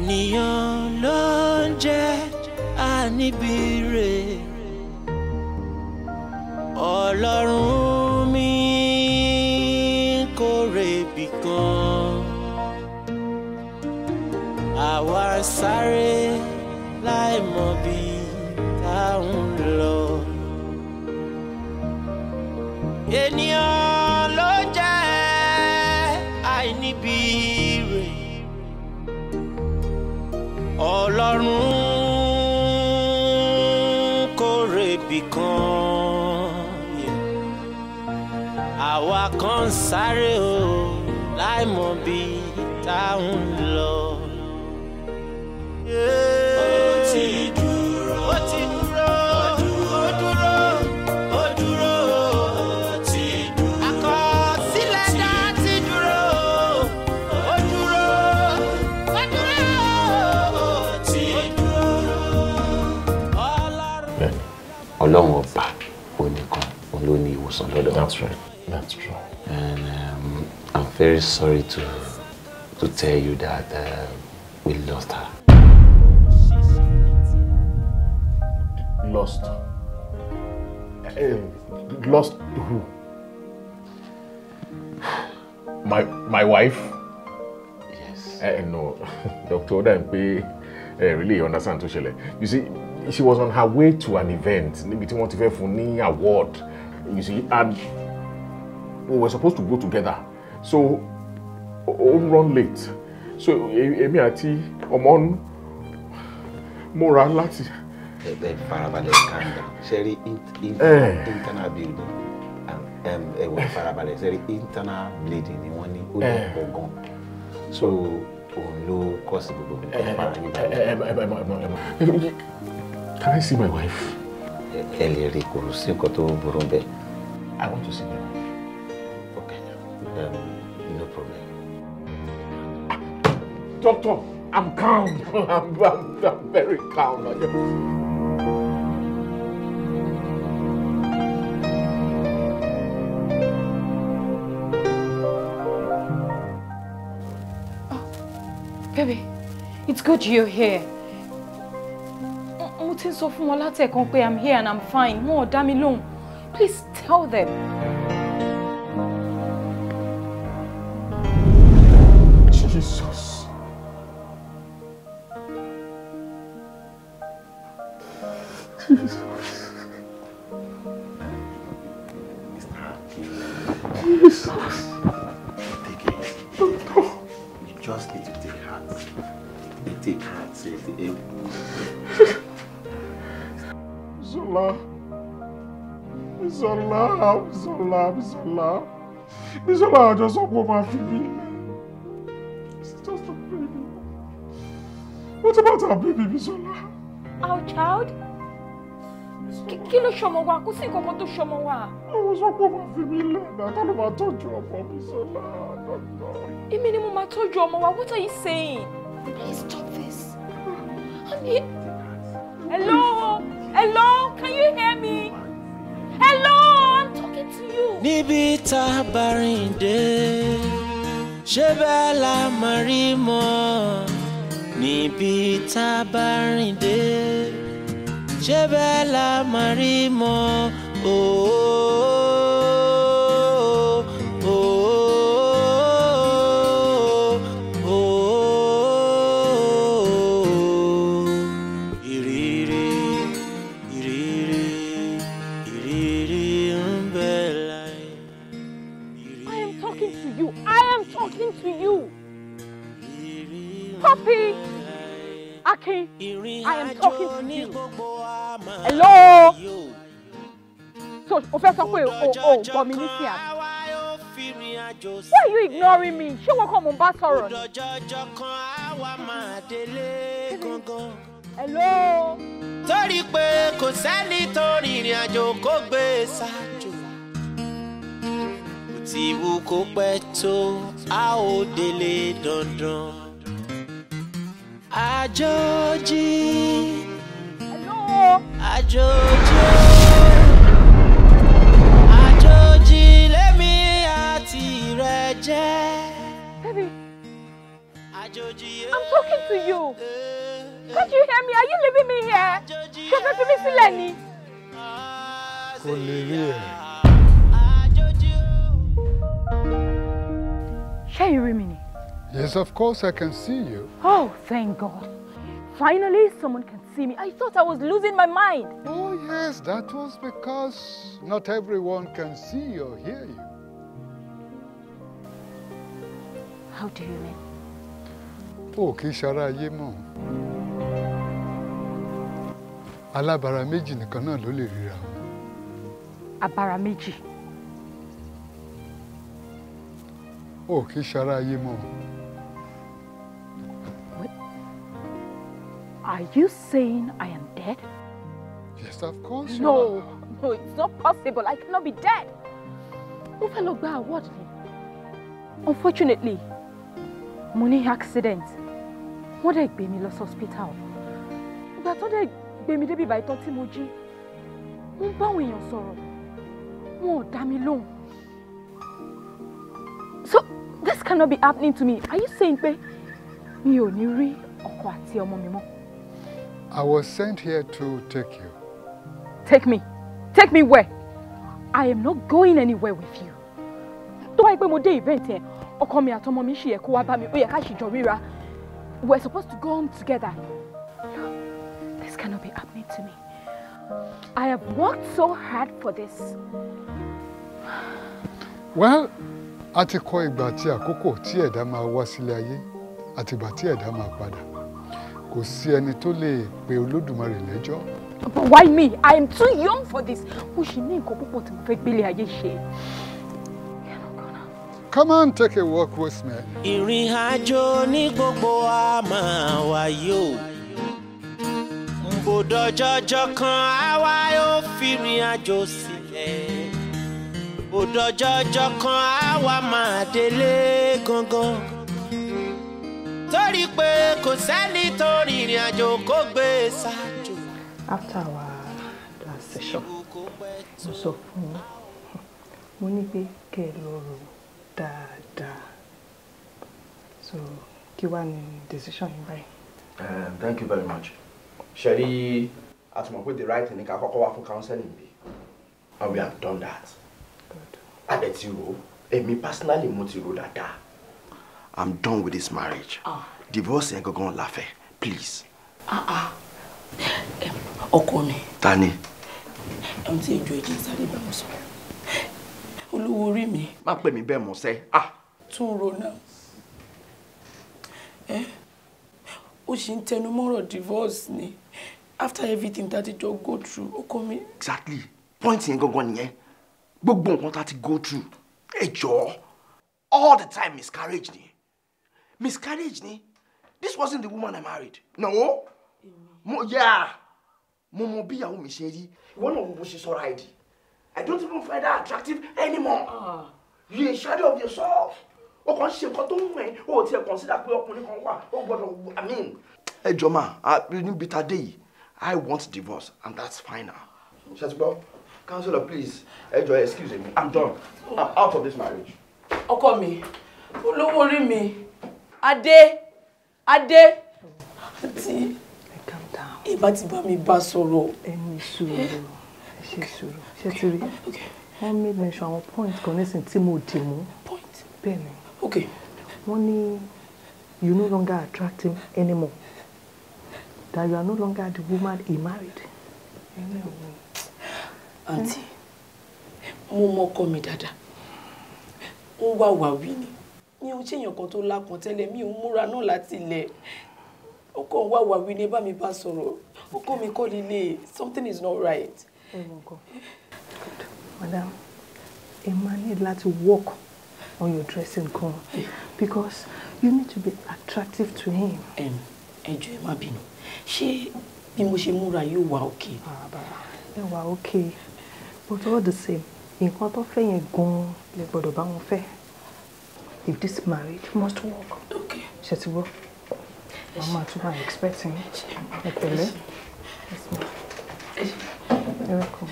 ènìyàn ló ń jẹ́ àníbìrè ọlọ́run. sáré o láì mọ bí tá ń lọ. ọlọ́run ọba onìkan òun ìwòsàn lọ́dọ̀. that's right very sorry to to tell you that uh, we lost her. Lost? Uh, lost who? My my wife? Yes. Uh, no, Doctor Odempe uh, really understand tó ṣẹlẹ̀. You see, she was on her way to an event maybe tí wọ́n for fẹ́ award. You see, and we were supposed to go together so ó ń run late so èmi àti ọmọ ń múra láti. ẹ ẹ farabalẹ̀ kàńdà sẹ́rí internal bleeding ẹ wọ farabalẹ̀ sẹ́rí internal bleeding ni wọ́n ní ó yẹ pọ̀ so òun ló kọ́ sí gbogbo ẹ fara yín balẹ̀. Can I see my wife? ẹ lè rí kò sí nǹkan tó burú bẹ́ẹ̀. I want to see my wife. Okay. Um, Doctor, I'm calm. I'm, I'm, I'm very calm. Oh, baby, it's good you're here. Mo ti ń sọ fún wọn I'm here and I'm fine. Mo ò mi lóhùn. Please tell them. Jesus. Jesus. Take it. Doctor. You just need to take heart. They take heart. Say the Zola. Zola. Zola. Zola. Zola, I just want my baby. It's just a baby. What about our baby, Zola? Our child? kí ló ṣọmọ wa kò sí nǹkan kan tó ṣọmọ wa. àwọn sọpọ máa fi mí lẹ́nà ká ló máa tọ́jú ọmọ mi sọ́la dọ́dọ́. èmi ni mo máa tọ́jú ọmọ wa what are you saying. please stop this. hello hello can you hear me. hello i'm talking to you. níbi tá bá rìn dé ṣé bẹ́ẹ̀ la máa rí mọ́ níbi tá bá rìn dé. Oh, oh, oh, I to you. I am talking to you, Poppy! Aki, I am talking to you. hello so o fẹ́ sọ pé o o gbọ́ mi nísìn àná why are you ignoring me ṣé wọn kàn mò ń bá sọ̀rọ̀ ni. hello. torí pé kò sẹ́ni tó rìnrìn àjò kó gbé e ṣáájú tí wù kó pẹ́ tó a ó délé dandan àjòjì. Baby, I'm talking to you. Can't you hear me? Are you leaving me here? Ṣé o fẹ́ fi mí sílẹ̀ ni? Kò lè Yes, of course I can see you. Oh, thank God. Finally, someone can see me. I thought I was losing my mind. Oh, yes, that was because not everyone can see or hear you. How do you mean? Oh, Kishara Yemo. ṣara ayé mọ̀. Alábàárà méjì nìkan náà ló lè ríra. Àbàrà méjì. Oh, kì í Are you saying I am dead? Yes, of course. No, no, it's not possible. I cannot be dead. Mo fẹ́ lọ gba award ni. Unfortunately, money accident. Wọ́n dẹ̀ gbé mi lọ hospital. Ìgbà tó dẹ̀ gbé mi débi ìbáyìí tán tí mo jí, mo ń báwọn èèyàn sọ̀rọ̀. So this cannot be happening to me. Are you saying pe? mi ò ní rí ọkọ àti ọmọ mi I was sent here to take you. Take me? Take me where? I am not going anywhere with you. Tó I pé mo dé event here? Or mi àtọmọ mi ṣì yẹ kó wá bá mi, We are supposed to go home together. No, this cannot be happening to me. I have worked so hard for this. Well, a ti kọ ìgbà tí àkókò tí ẹ̀dá máa wá sílé ayé àtìgbà kò sí ẹni tó lè pe olódùmarè lẹ́jọ́. but why me i am too young for this mo ṣì ní nǹkan púpọ̀ tí mo fẹ́ gbélé ayé ṣe. come on take a walk with me. ìrìn àjò ní gbogbo a máa wáyé o bòdò jọjọ kan àwa yóò fi rìn àjò sílẹ̀ bòdò jọjọ kan àwa máa délé gangan torí pé kò sẹ́ni tó rìnrìn àjò kó gbé e ṣáájú. after our last session mo sọ fún un mo ní pé kẹ́ ẹ lọ rò dáadáa so kí wàá ní decision yín báyìí. Eh, thank you very much ṣẹ́rí àtúmọ̀ the right thing ni ká kọ́kọ́ wá fún counseling bí and we have done that. adẹ̀ ti rò èmi personally mo ti rò dáadáa i'm done with this marriage ah. divorce ain't gonna laugh fẹ́ please. Ah, ah. ọkọ mi. ta ni. ẹ̀mí tí ìjọ ìjì sáré bá wọn sọ̀rọ̀ olówó orí mi. má pè mí bẹ́ẹ̀ mọ̀ sẹ́. Ah. tún ro náà ó sì ń tẹnu mọ́rọ̀ divorce ni after everything that a ti go through okomi. mi. exactly point yẹn gangan nìyẹn gbogbo nǹkan tá a ti go through ẹ jọ all the time miscarriage ni miscarriage ni this wasn't the woman I married no mo yeah mo mọ bí ìyàwó mi ṣe rí ìwọ náà wo bó ṣe sọra I don't even find her attractive anymore ah. you a shadow of yourself o kàn ṣe nǹkan tó ń wẹ̀ o ò tiẹ̀ consider pé ọkùnrin kan wà o gbọ́dọ̀ I mean. ẹ jọ ma níbi bitter day. I want divorce and that's final. ṣàtìgbọ́ counselor please ẹ jọ excuse me I'm done I'm out of this marriage. ọkọ mi olówó orí mi adé adé àti ìbá ti bá mi bá sọ̀rọ̀. ẹni sùúrù ẹ ṣe sùúrù ṣe ti rí wọn made mention àwọn point kan nísìnyí tí mo dì mú bẹ́ẹ̀ ni wọ́n ní you no longer attract him anymore that you are no longer the woman he married. àǹtí mo mọ ọkọ mi dáadáa ó wà wà wí ni mi ò ṣèyàn kan tó lápọn tẹ́lẹ̀ mi ò múra náà láti ilẹ̀ ó kàn wá wàwí ní bá mi bá sọ̀rọ̀ ó kọ́ mi kọ́ lílé something is not right. madam ẹ máa ní láti work on your dressing gan because you need to be attractive to him. ẹ jọ̀ọ́ ẹ má bínú ṣé bí mo ṣe múra yóò wà òkè. ẹ wà òkè but all the same nǹkan tó fẹ́ yẹn gan-an lè gbọ́dọ̀ bá wọn fẹ́ if this marriage must work. Okay. Ṣé ti gbọ́? Màmá tún máa expect mi. Ẹ pẹ̀lẹ́. Ẹ rẹ́kọ̀ọ́.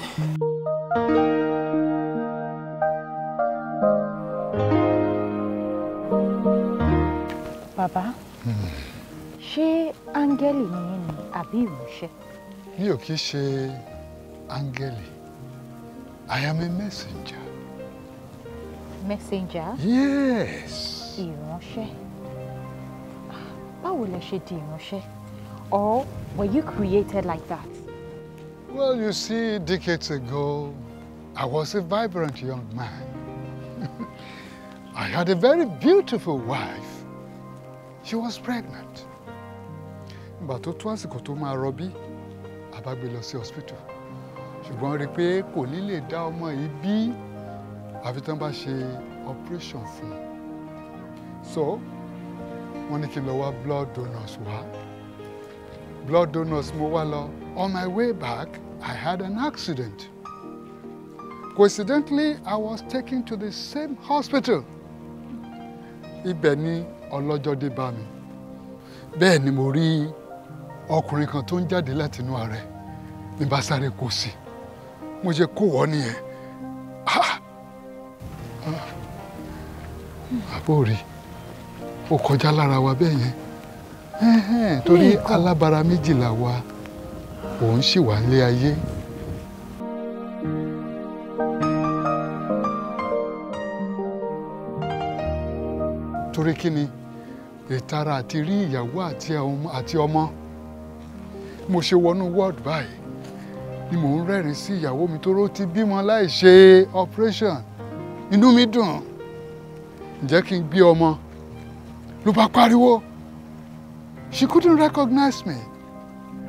Bàbá, ṣé áńgẹ́lì ni yín ni àbí ìmúṣẹ? Mi ò kí ṣe áńgẹ́lì. I am a messenger messenger. yes. ìránṣẹ́ báwo lẹ ṣe di ìránṣẹ́ or were you created like that. well you see decades ago I was a vibrant young man. I had a very beautiful wife. She was pregnant. Ìgbà tó tó àsìkò tó máa rọbí, a bá gbé lọ sí hospital. Ṣùgbọ́n rí i pé kò ní lè dá ọmọ yìí bí àfi tán bá ṣe operation fún un so wọ́n ní kí n lọ wá blood donors wá blood donors mo wá lọ on my way back I had an accident coincidentally I was taken to the same hospital ibẹ̀ ni ọlọ́jọ́ dé bá mi bẹ́ẹ̀ ni mo rí ọkùnrin kan tó ń jáde láti inú ààrẹ ní bá sáré kò sí mo ṣe kó wọ́ nìyẹn ah àbórí ó kọjá lára wa bẹ́ẹ̀ yẹn torí alábara méjìlá wa òun sì wà nílé ayé. torí kí ni ìtara àti rí ìyàwó àti ọmọ mo ṣe wọnú ward báyìí ni mò ń rẹ́rìn sí ìyàwó mi tó ró ti bímọ láì ṣe operation inú mi dùn ǹjẹ́ kí n gbé ọmọ ló bá pariwo she couldn't recognize me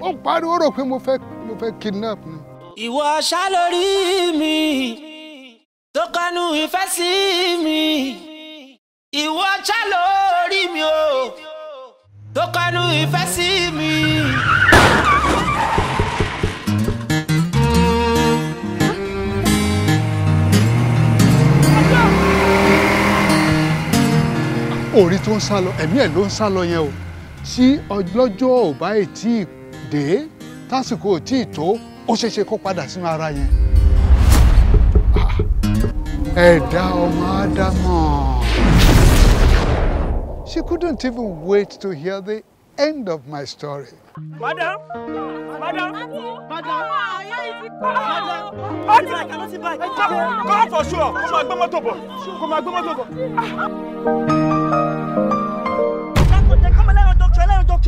ó pariwo rò pé mo fẹ́ mo fẹ́ kidnap ni. ìwọ ṣá lórí mi tó kọnu ìfẹ́ sí mi ìwọ ṣá lórí mi o tó kọnu ìfẹ́ sí mi. orí tó ń sá lọ ẹ̀mí ẹ̀ ló ń sá lọ yẹn o tí ọlọ́jọ́ ò bá tí ì dé tásìkò tí ì tó ó ṣeé ṣe kó padà sínú ara yẹn. Ah, ẹ̀dá ọmọ ádámọ̀. She couldn't even wait to hear the end of my story. Madam! Madam! Madam! Madam! madam, Come for sure! Kó máa gbé mọ́tò bọ̀! Kó máa gbé mọ́tò bọ̀!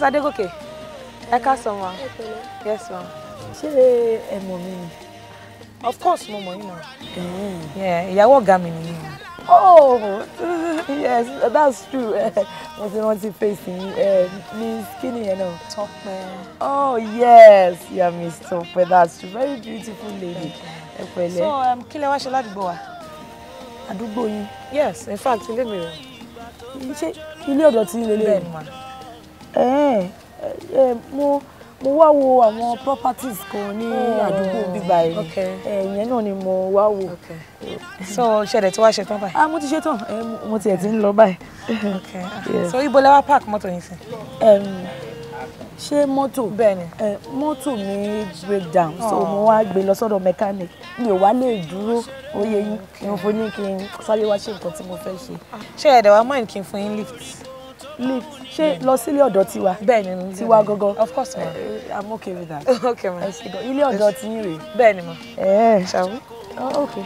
Mrs. Adégòkè I káàsán someone. yes ma'am. ṣé ẹ mọ̀ mi of course mo mọ̀ yín Yeah, ìyàwó ọ̀gá mi nìyí oh yes that's true What's ti rántí face yín eh, miss kíni yẹn náà Tọ́pẹ́ oh yes you are miss Tọ́pẹ́ that's true very beautiful lady ẹ pẹ̀lẹ́ so um, kí lẹ wá ṣe ládùúgbò wa àdúgbò yín yes in fact ilé mi rẹ ṣé ilé ọ̀dọ̀ tí ń lélẹ̀ bẹ́ẹ̀ ni mo mo wá wo àwọn properties kan ní oh. àdúgbò bíbá yìí ìyẹn náà ni mo wá wò. so ṣẹlẹ̀ tí wàá ṣetán báyìí. ah mo ti ṣetán mo tiẹ̀ ti ń lọ báyìí. so ibo lẹ́wà park mọ́tò yìí sí. ṣé mọ́tò bẹ́ẹ̀ni mọ́tò mi break down so oh. mo wá gbé lọ sọ́dọ̀ mechanic mi ò wá lè dúró oyè yín ni mo fún ní kí n sáré wá ṣe nǹkan tí mo fẹ́ ṣe. ṣé ẹ̀dẹ̀ wa mind kí n fún yín lift lift ṣé lọ sílé ọ̀dọ̀ tiwa bẹ́ẹ̀ni mo tiwa gangan of course ma eh, eh, i'm okay with that okay ma ilé ọ̀dọ̀ ti yín rèé bẹ́ẹ̀ni ma ṣàwọn eh. oh, okay.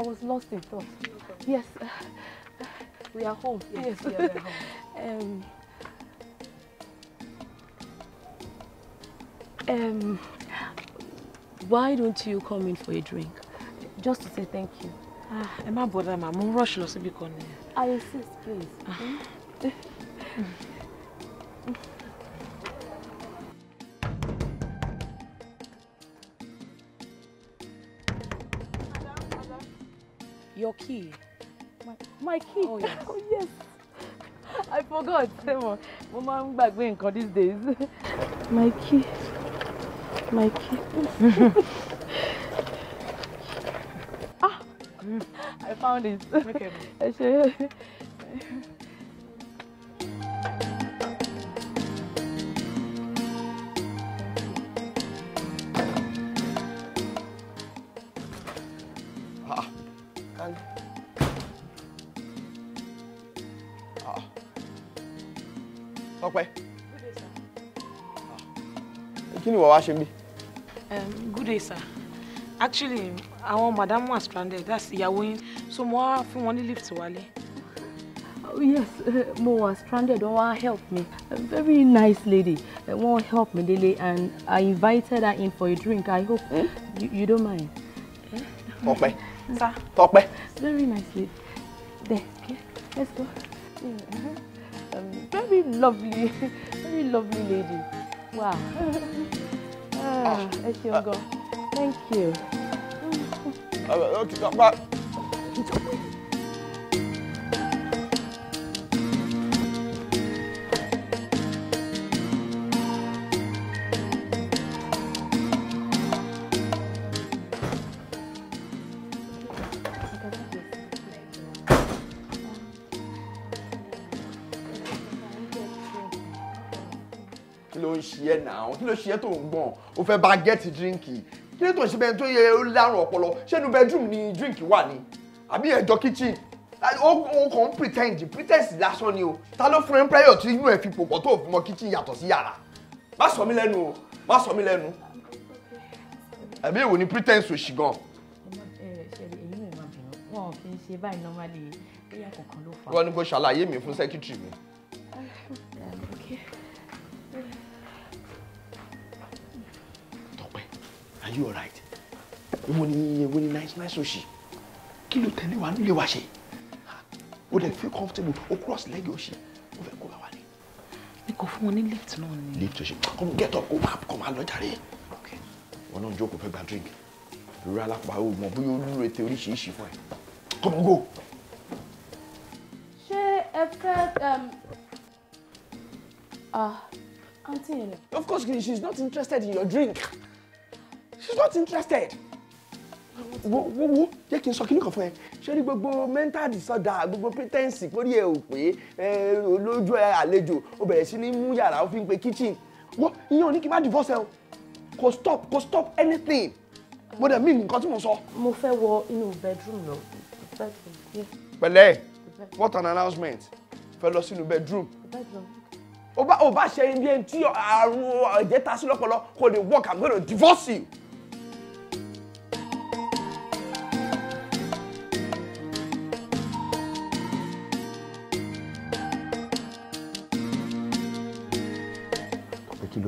I was lost in thought. Yes, we are home. Yes, yes. we are home. um, um, why don't you come in for a drink? Just to say thank you. Ah, ẹ má bother ma, mo ń rush lọ síbi kan I insist, please. Ah. Mm. Mm. Your key. My, my key. Oh yes. oh, yes. I forgot. Mo I'm back. gbàgbé nǹkan these days. My key. My key. ah! Mm. I found it. Okay. kí ni ìwọ wá ṣe bí. good day sir actually àwọn madam wà stranded that's ìyàwó yín so mo wá fún wọn ní lift wálé. Oh, yes uh, mo wà stranded wọn wá help me a very nice lady eh, wọn uh, help me délé and i invited her in for a drink i hope mm? you, you don't mind. Tọ́pẹ́ Tọ́pẹ́. very nice lady there okay, let's go. Mm -hmm. um, very lovely very lovely lady wow ẹ ṣeun gan thank you. Now náà kí ló ṣe é tó ń gbọ̀n o fẹ́ bá gẹ́ẹ̀tì díríǹkì kí ló tó ń ṣe bẹ́ẹ̀ tó yẹ ó lárùn ọpọlọ ṣé inú bedroom ni díríǹkì wà ní àbí ẹ̀jọ́ kitchen o kàn ń pretend pretense lásán ni o ta ló fún ẹ ń pẹ́yọ̀ tí inú ẹ̀ fi pòpọ̀ tó fi mọ kitchen yàtọ̀ sí yàrá má sọ mí lẹ́nu o má sọ mí lẹ́nu àbí èwo ni pretense òṣì gan. wọn kì í normally bóyá kọ̀ọ̀kan ló fà. wọ́n ní kó ṣàlàyé mi fún secretary mi. are you alright ìwọ ni ìwọ ni nice nice sushi. kí ló tẹ̀lé wa nílé wa ṣe o dẹ̀ feel comfortable o cross leg oṣì o fẹ́ kó bá wa ní. mi kò fún wọn ní lift náà ni. lift oṣì come get up kó up. Come. máa lọ jàre wọn náà jókòó fẹ́ gba drink rírà lápá o mọ bóyá olúrete oríṣiríṣi fún ẹ come on go. ṣé ẹ fẹ́ um, ah Auntie. yẹn. of course she is not interested in your drink she's not interested wo wo wo jẹ́ kí n sọ kíní kan fún ẹ ṣé ní gbogbo mental disorder gbogbo pretense kórìí ẹ ò pé ẹ olójú ẹ àlejò ó bẹ̀rẹ̀ sí ní mú yàrá ó fi ń pe kitchen wo ìyẹn ò ní kí n má divorce ẹ o kò stop kò stop anything mo dẹ̀ mí nǹkan tí mo sọ. mo fẹ́ wọ inú bedroom lọ bedroom. pẹ̀lẹ́ what an announcement fẹ́ lọ sínú bedroom. bedroom o bá o bá ṣe ibi ẹni tí àrùn ẹ̀jẹ̀ ta sí lọ́pọlọ kò lè work i'm gonna divorce you.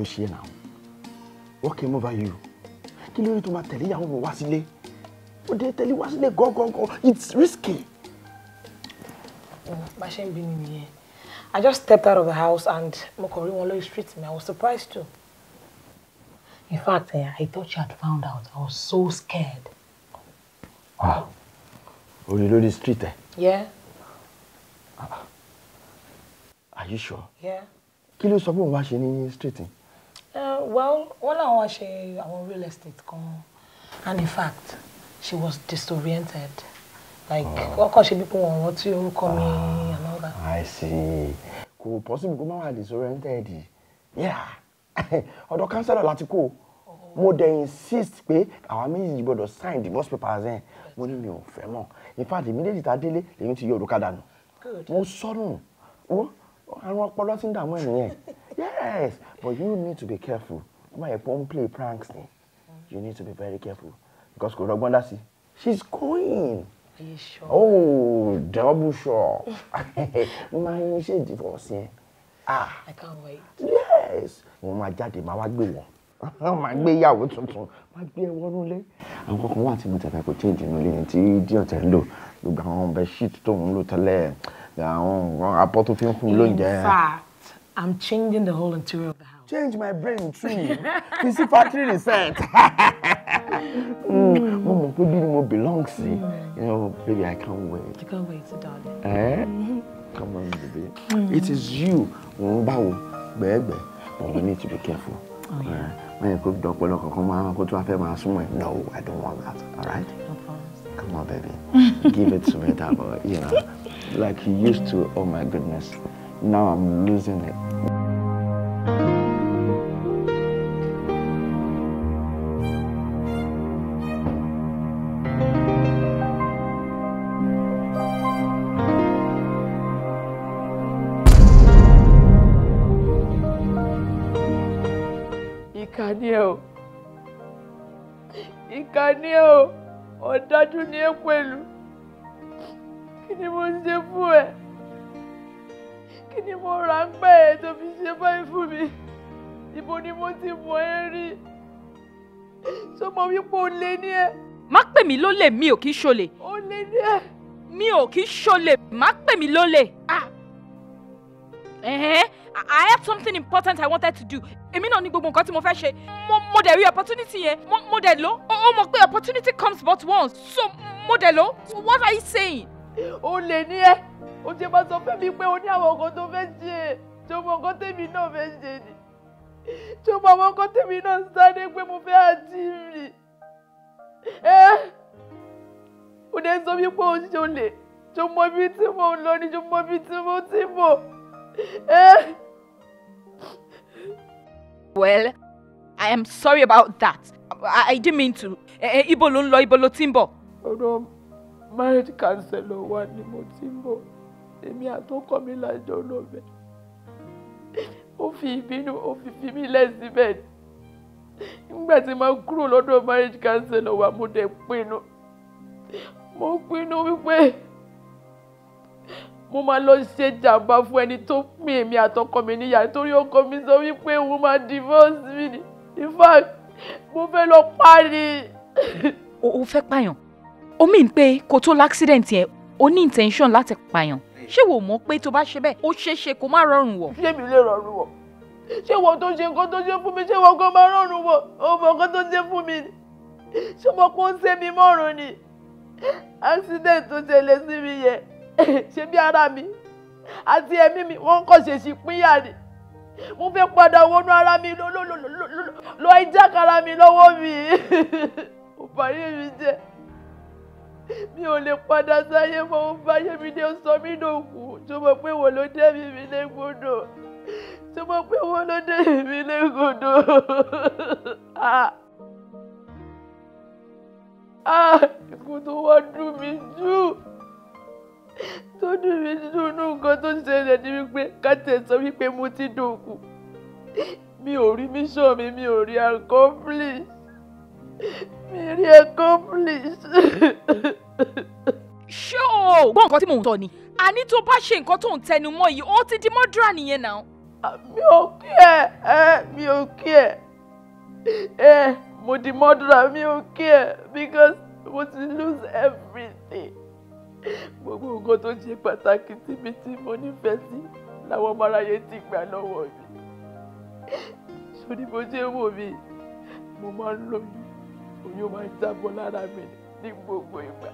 ló ṣe náà what came over you kí ló rí tó máa tẹ̀lé ìyàwó wá sílé ó dé tẹ̀lé wá sílé gọ́gọ́gọ́ it's risky. Mm, bá a ṣe ń bí mi nìyẹn I just stepped out of the house and mo kàn rí wọn lórí street mi I was surprised too. In fact, eh, I thought you had found out. I was so scared. Ah, oh, you lórí street, eh? Yeah. Ah, are you sure? Yeah. Kí ló sọ pé òun wá ṣe ní street? Eh? Eh, wọ́n làwọn wá ṣe àwọn real estate kan and in fact she was disoriented like oh. wọ́n kàn ṣe bí pé wọ́n rántí orúkọ mi ah, and all that. I see kò possible kó má wà disoriented yeah ọ̀dọ̀ councillor láti kó mo dẹ̀ insist pé àwa méjì gbọ́dọ̀ sign divorce papers ẹ̀ mo ní mi ò fẹ́ mọ̀ in fact immediately ta délé lèmi ti yọ òrùka dànù mo sọnù wọ́n àrùn ọpọlọ ti ń dààmú ẹ̀ nìyẹn. Yes, but you need to be careful. Ọmọ yẹn pọ́n play pranks ni. You need to be very careful because kò rọgbọ́n She's going. Are you sure? Oh, double sure. My ń ṣe divorce Ah. I can't wait. Yes. Wọ́n máa jáde, máa wá My wọn. Wọ́n máa My ìyàwó tuntun. Máa gbé ẹwọ́n nulẹ̀. Àwọn kọ̀ọ̀kan wà tí mo tẹ̀fẹ̀ kò change nínú my tí díẹ̀ tẹ̀ ń lò. Gbogbo àwọn bẹ̀ sheet tó ń lò tẹ́lẹ̀. Àwọn abọ́ tó fi ń fún mi lóúnjẹ. In fact, I'm changing the whole interior of the house. Change my brain tree. you see, factory reset. Mom, maybe you belong to. Mm. You know, baby, I can't wait. You can't wait, darling. Eh? Mm-hmm. Come on, baby. Mm. It is you. baby. But we need to be careful. Oh, yeah. Uh, when you cook dog, come on, go to a fair No, I don't want that. All right? No problem. Come on, baby. Give it to me, that boy. You know, like you used to. Oh, my goodness now I'm losing it. Ìkà ni ẹ́ o, ìkà ni ẹ́ o, ọ̀dájú ni ẹ́ pẹ̀lú, kí ni mo ṣe fún ẹ? kí ni mo ra ń pẹ́ ẹ̀ tó fi ṣe báyìí fún mi ibo ni mo ti mọ ẹ rí ṣó mo wípé o lé ní ẹ. má pè mí lólè mi ò kí ń ṣolè. o lé ní ẹ. mi ò kí ń má pè mí lólè. ah ẹ̀hẹ́n I have something important I wanted to do. Èmi náà ní gbogbo nǹkan tí mo fẹ́ ṣe. Mo mo dẹ̀ rí opportunity yẹn. Mo mo dẹ̀ lò. Ó mọ̀ pé opportunity comes but once. So mo dẹ̀ lò. What are you saying? o lè ní ẹ o ti máa sọ fún mi pé o ní àwọn nǹkan tó fẹ́ ṣe tó mọ nǹkan tèmi náà fẹ́ ṣe ni tó mọ àwọn tèmi náà sáré pé mo fẹ́ àti rì ẹ o lè sọ mi pé o ṣe o lè tó mọ ibi tí mo lọ ni tó mọ ibi tí mo ti bọ̀ ẹ. Well, I am sorry about that. I, I didn't mean to. Ibo ló ń lọ, ibo ló ti ń bọ̀ marriage counselor wa ni mo ti ń bọ̀ èmi àtọkọ mi lájọ lọbẹ ó fi ìbínú ó fi fi mí lẹ́síbẹ̀ nígbà tí mo kúrò lọ́dọ̀ marriage counselor wa mo dẹ̀ pinnu mo pinnu wípé mo máa lọ ṣe jàǹbá fún ẹni tó pín èmi àtọkọ mi níyà nítorí ọkọ mi sọ wípé òun máa divorce mi ni in fact mo fẹ́ lọ pa ni. o fẹ́ pààyàn ó mìn pé kó tó l'accident yẹn ó ní intention láti pààyàn ṣé wò mọ̀ pé tó bá ṣe bẹ́ẹ̀ ó ṣeé ṣe kó má rọrùn wọ̀. ṣé mi lè rọrùn wọ̀ ṣé wọn tó ṣe nǹkan tó ṣe fún mi ṣé wọn kò má rọrùn wọ̀ ọmọ nǹkan tó ṣe fún mi ṣé mo kó ń ṣe mi mọ́rùn ni accident tó ṣẹlẹ̀ sí mi yẹn ṣé bí ara mi àti ẹ̀mí mi wọ́n kàn ṣèṣì pínyà ni mo fẹ́ padà wọnú ara mi lọ lọ lọ lọ lọ ìjákara mi lọ́wọ́ mi ò bá yé mi jẹ́ mi ò lè padà sáyé mọ́ ó bá Yémídé sọ mí dòkú tó mọ̀ pé wọ́n ló dẹ́bi mi légbodò tó mọ̀ pé wọ́n ló dẹ́bi mi légbodò. Ah! Ah! ikú tó wá dùn mí jù tó dùn mí jù nù nǹkan tó ṣẹlẹ̀ ní wípé kátẹ́ sọ wípé mo ti dòkú mi ò rí mission mi mi ò rí accomplish. Mary accomplice. ṣé o gbọ́ nǹkan tí mò ń tọ́ ni àní tó bá ṣe nǹkan tó ń tẹnu mọ́ yìí ó ti di mọ́dúrà nìyẹn náà. mi ò kí ẹ mi ò kí ẹ ẹ mo di mọ́dúrà mi ò kí ẹ because mo ti lose everything gbogbo nǹkan tó ṣe pàtàkì sí mi tí mo nífẹ̀ẹ́ sí làwọn ọmọ aráyé ti gbà lọ́wọ́ mi sórí bó ṣe wò mí mo máa ń lóyún oyún máa ń jábọ́ lára mi ní gbogbo ìgbà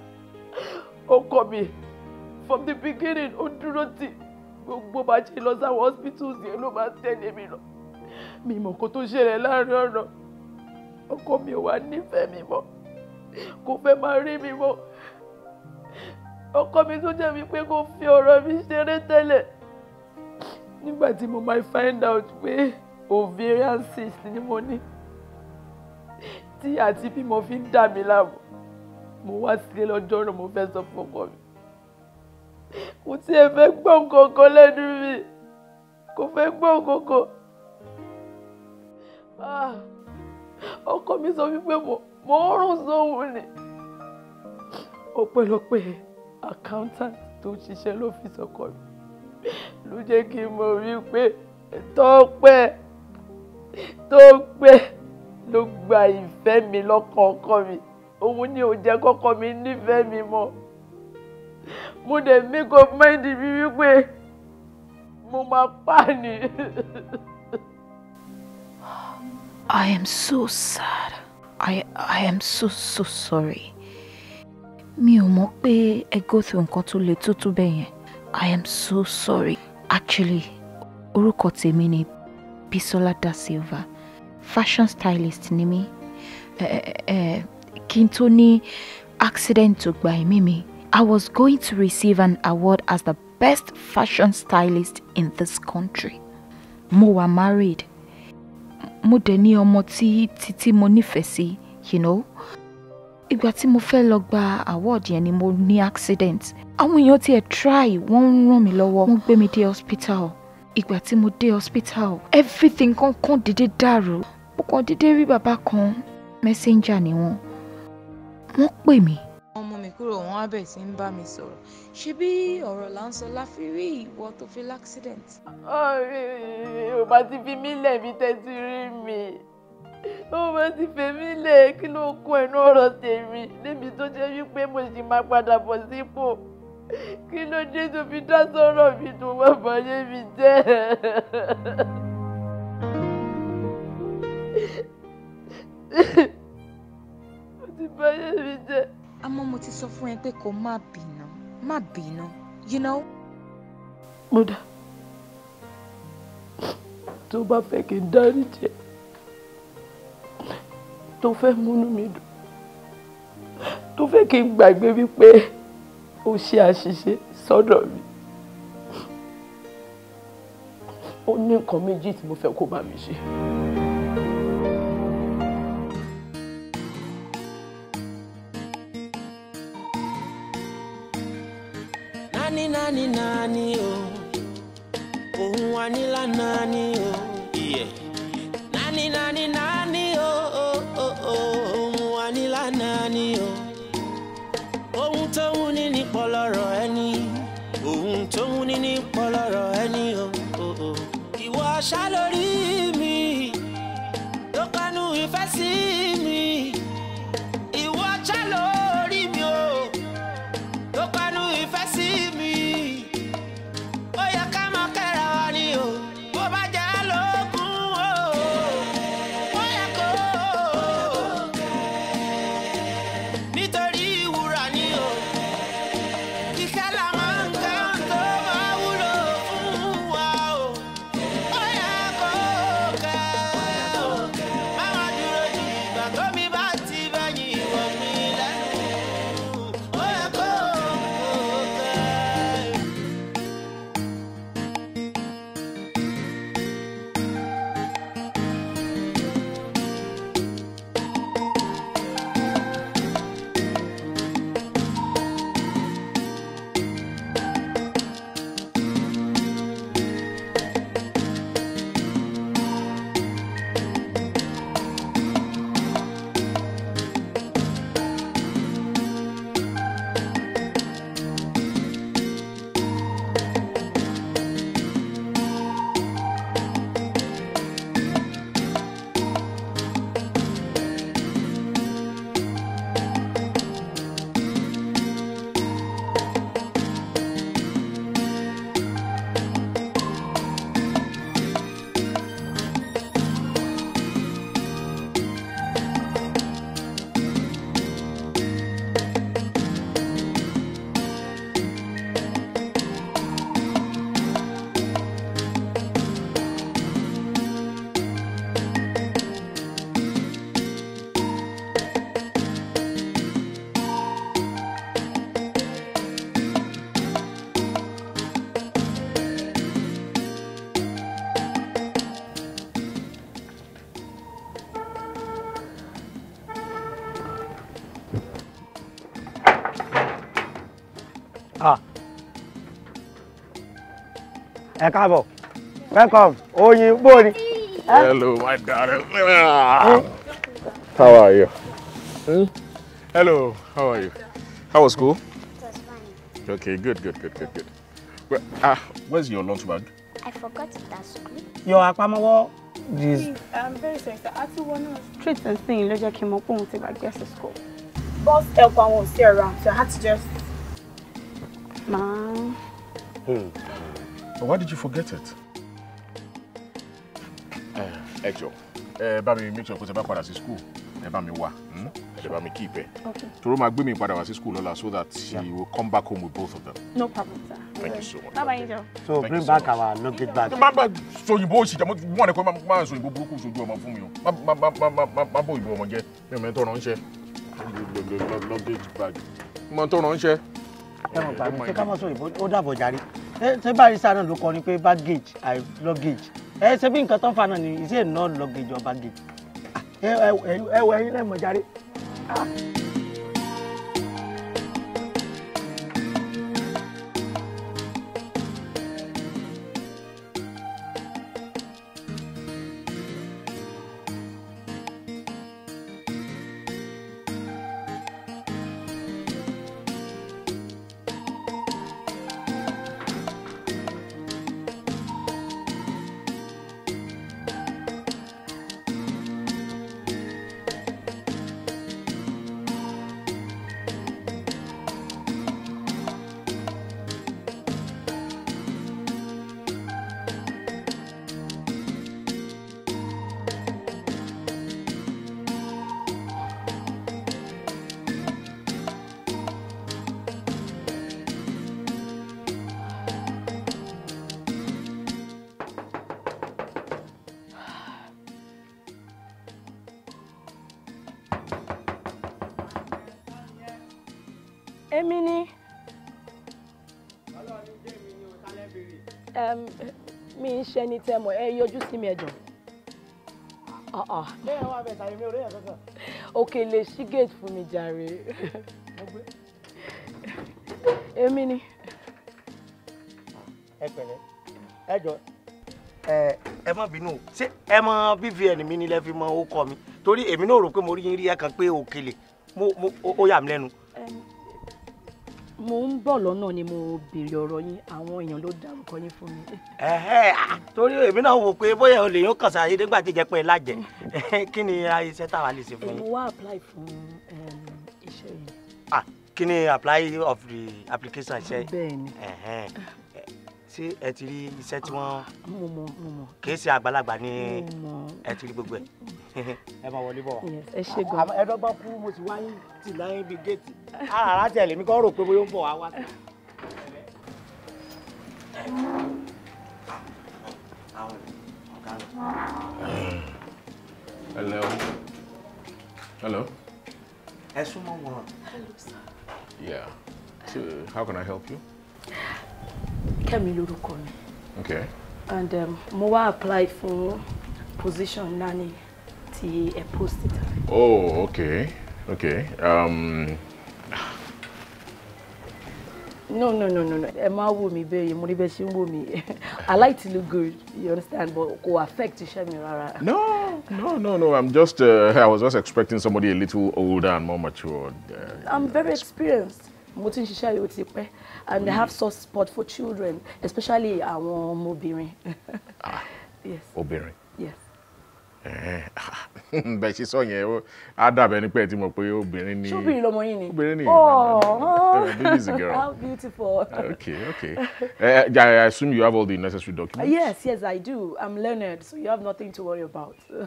ọkọ mi from the beginning ó dúró tì gbogbo bá ṣe lọ sáwọn hospitals yẹn ló máa ń tẹ̀lé mi lọ mi mọ̀ kó tó ṣẹlẹ̀ láàrin ọ̀nà ọkọ mi ò wá nífẹ̀ẹ́ mi mọ́ kò fẹ́ máa rí mi mọ́ ọkọ mi tó jẹ́ mi pé kó fi ọ̀rọ̀ mi ṣeré tẹ́lẹ̀ nígbà tí mo máa find out pé ovarian cyst ni mo ní tí àti bí mo fi ń dà mí láàmú mo wá sílé lọ́jọ́ náà mo fẹ́ sọ fún ọkọ mi kò tí ẹ fẹ́ gbọ́ nǹkan kan lẹ́nu mi kò fẹ́ gbọ́ nǹkan kan ah, ọkọ mi sọ wípé mo ń rùn sóhun ni ọpẹ́lọpẹ́ accountant tó ń ṣiṣẹ́ lọ́fíìsì ọkọ mi ló jẹ́ kí n mọ̀ wípé tó pẹ́ ló gba ìfẹ́ mi lọ́kàn mi òun ni ò jẹ́ kọ́kọ́ mi nífẹ̀ẹ́ mi mọ́ mo dẹ̀ make up mind mi wípé mo máa pààní. I am so sad. I, I am so so sorry. Mi ò mọ̀ pé ẹ go through nǹkan tó le tó bẹ́ẹ̀ yẹn. I am so sorry. Actually, orúkọ tèmi ni Bisola Da Silva fashion stylist ni mí eh, eh, eh, kí n tó ní accident tó gba ẹ̀mí mi I was going to receive an award as the best fashion stylist in this country mo wa married mo dẹ̀ ní ọmọ tí títí mo nífẹ̀ẹ́ sí you know ìgbà tí mo fẹ́ lọ gba award yẹn ni mo ní accident àwọn èèyàn tiẹ̀ try wọ́n ń ràn mí lọ́wọ́ wọ́n gbé mi dé hospital ìgbà tí mo dé hospital everything kan kàn dédé dàrú mo kàn dédé rí bàbá kan mẹ́sẹ́ńjà ni wọ́n wọ́n pè mí. àwọn ọmọ mi kúrò wọn abẹ tí ń bá mi sọ̀rọ̀ ṣebí ọ̀rọ̀ là ń sọ láfi rí ìwọ tó fi l'accident. ọ̀rẹ́ ò bá ti fi mí lẹ̀ bí tẹ́tí rí mi ó bá ti fèmí lẹ̀ kí ló kún ẹnu ọ̀rọ̀ tèmi níbi tó jẹ́ wípé mo sì máa padà bọ̀ sípò kí ló dé tó fi dá sọ́rọ̀ mi tó wà báyé mi jẹ́. mo ti báyé mi jẹ́. àmọ́ mo ti sọ fún ẹ pé kó má bínú má bínú you know. mo dá tó bá fẹ́ kí n dárí jẹ tó fẹ́ múnú mi dùn tó fẹ́ kí n gbàgbé wípé O ṣe àṣìṣe sọ́dọ̀ mi ó ní nǹkan méjì tí mo fẹ́ kó bá mi ṣe. nani nani o òun wa nílá nani o nani nani nani o òun wa nílá nani o ohun tó ń ní ní pọlọ́rọ̀ ẹni ohun tó ń ní ní pọlọ́rọ̀ ẹni o ìwọ ṣá lórí. ẹ káàbọ̀ welcome oyin bóni. hello my darling. how are you. Hmm? hello how are you. how was school. it was fun. okay good good good good good. Well, ah, where's your lunch bag. I forgot it at school. Your àpamọ́wọ́ is. I'm very sorry, sir. Àti wọn náà. treat and thing ló jẹ́ kí n mọ̀ pé òun ti gbàgbé sí school. Boss help àwọn ò sí around, so I had to just. Màá. Hmm. But Why did you forget it? Eh, ẹ jọ̀ọ́, ẹ bá mi make sure kó tẹ bá padà sí school, ẹ bá mi Never hmm? me keep it. Okay. To Toro máa gbé mi padà wá sí school so that she yeah. will come back home with both of them. No problem, sir. Thank you so much. Bye bye, Angel. So Thank bring back much. our nugget bag. Má bá sòyìnbó òsì jẹ́, mo wọ́n ní kó má sòyìnbó burúkú sojú ọmọ fún mi o. Má má má má má má bó ìbò ọmọ jẹ́, mi ò mẹ́tọ́ ránṣẹ́. Nugget bag. You Mo tọ́ ránṣẹ́. Ẹ mọ̀ pàmò ṣé ká mọ̀ sòyìnbó Order for Jerry ṣé barisa náà ló kọrin pé baggage i luggage ẹ ṣe bí nǹkan tán fa náà ni is it not luggage or baggage ẹ ẹ ẹ wọ ẹyin lẹ́mọ̀járe. èmi ni. ọlọ́run jẹ́ mi ni o sálẹ̀ bèrè. mi ń ṣe ni tẹ mọ̀ ẹ yọjú sí mi ẹ jọ̀ọ́. bẹ́ẹ̀ wà bẹ̀ sàyẹ̀mí orí ẹ̀ kankan. òkèlè ṣí gate fún mi jàre. èmi ni. ẹ pẹ̀lẹ́ ẹ jọ̀ọ́ ẹ má bínú ṣé ẹ mọ bvn mi nílẹ̀ fi mọ ó kọ mi torí èmi náà rò pé mo rí yín rí ẹ kan pé òkèlè ó yà mí lẹ́nu mo ń bọ̀ lọ́nà ni mo béèrè ọ̀rọ̀ yín àwọn èèyàn ló dárúkọ yín fún mi. torí èmi náà wò pé bóyá olè yóò kàn sáyé nígbà tí ìjẹpẹ lájẹ kí ni iṣẹ́ táwa lè ṣe fún yín. mo wá apply fún iṣẹ́ yìí. kí ni apply of the application iṣẹ́ yìí. bẹ́ẹ̀ni ṣé ẹ ti rí iṣẹ́ tí wọ́n kì í ṣe àgbàlagbà ni ẹ ti rí gbogbo ẹ̀ ẹ máa wọlé bọ̀ wá ẹ̀ẹ́dọ́gbọ́n kú mo ti wáyé tì láyé bíi géètì ara tẹ̀ lèmi kọ́ rò pé bóyá ó bọ̀ wá wá. Hello. Hello. Ẹ súnmọ́ wọn. Hello sir. Yeah. So, how can I help you? Kẹ́mi lórúkọ mi. Okay. And um, mo wá apply fún position nani ní ti ẹ̀ post it. Oh, okay, okay. Um, no no no no no ẹ máa wò mí bẹ́ẹ̀ mo ní bẹ́ẹ̀ ṣe ń wò mí i like to look good you understand but kò affect iṣẹ́ mi rárá. no no no no i'm just uh, i was just expecting somebody a little older and more mature. Uh, i'm very experienced mo ti ń ṣiṣẹ́ yìí ti pẹ́ and they have soft spot for children especially àwọn ọmọbìnrin. Ah, yes. obìnrin. yes. Eh, bẹ́ẹ̀ ṣe sọ yẹn á dàbẹ̀ ní pẹ́ẹ́ tí mo pé obìnrin ni ṣóbìnrin lọmọ yín ni obìnrin ni oh. eh, baby's a girl how beautiful okay okay uh, I assume you have all the necessary documents yes yes I do I'm learned so you have nothing to worry about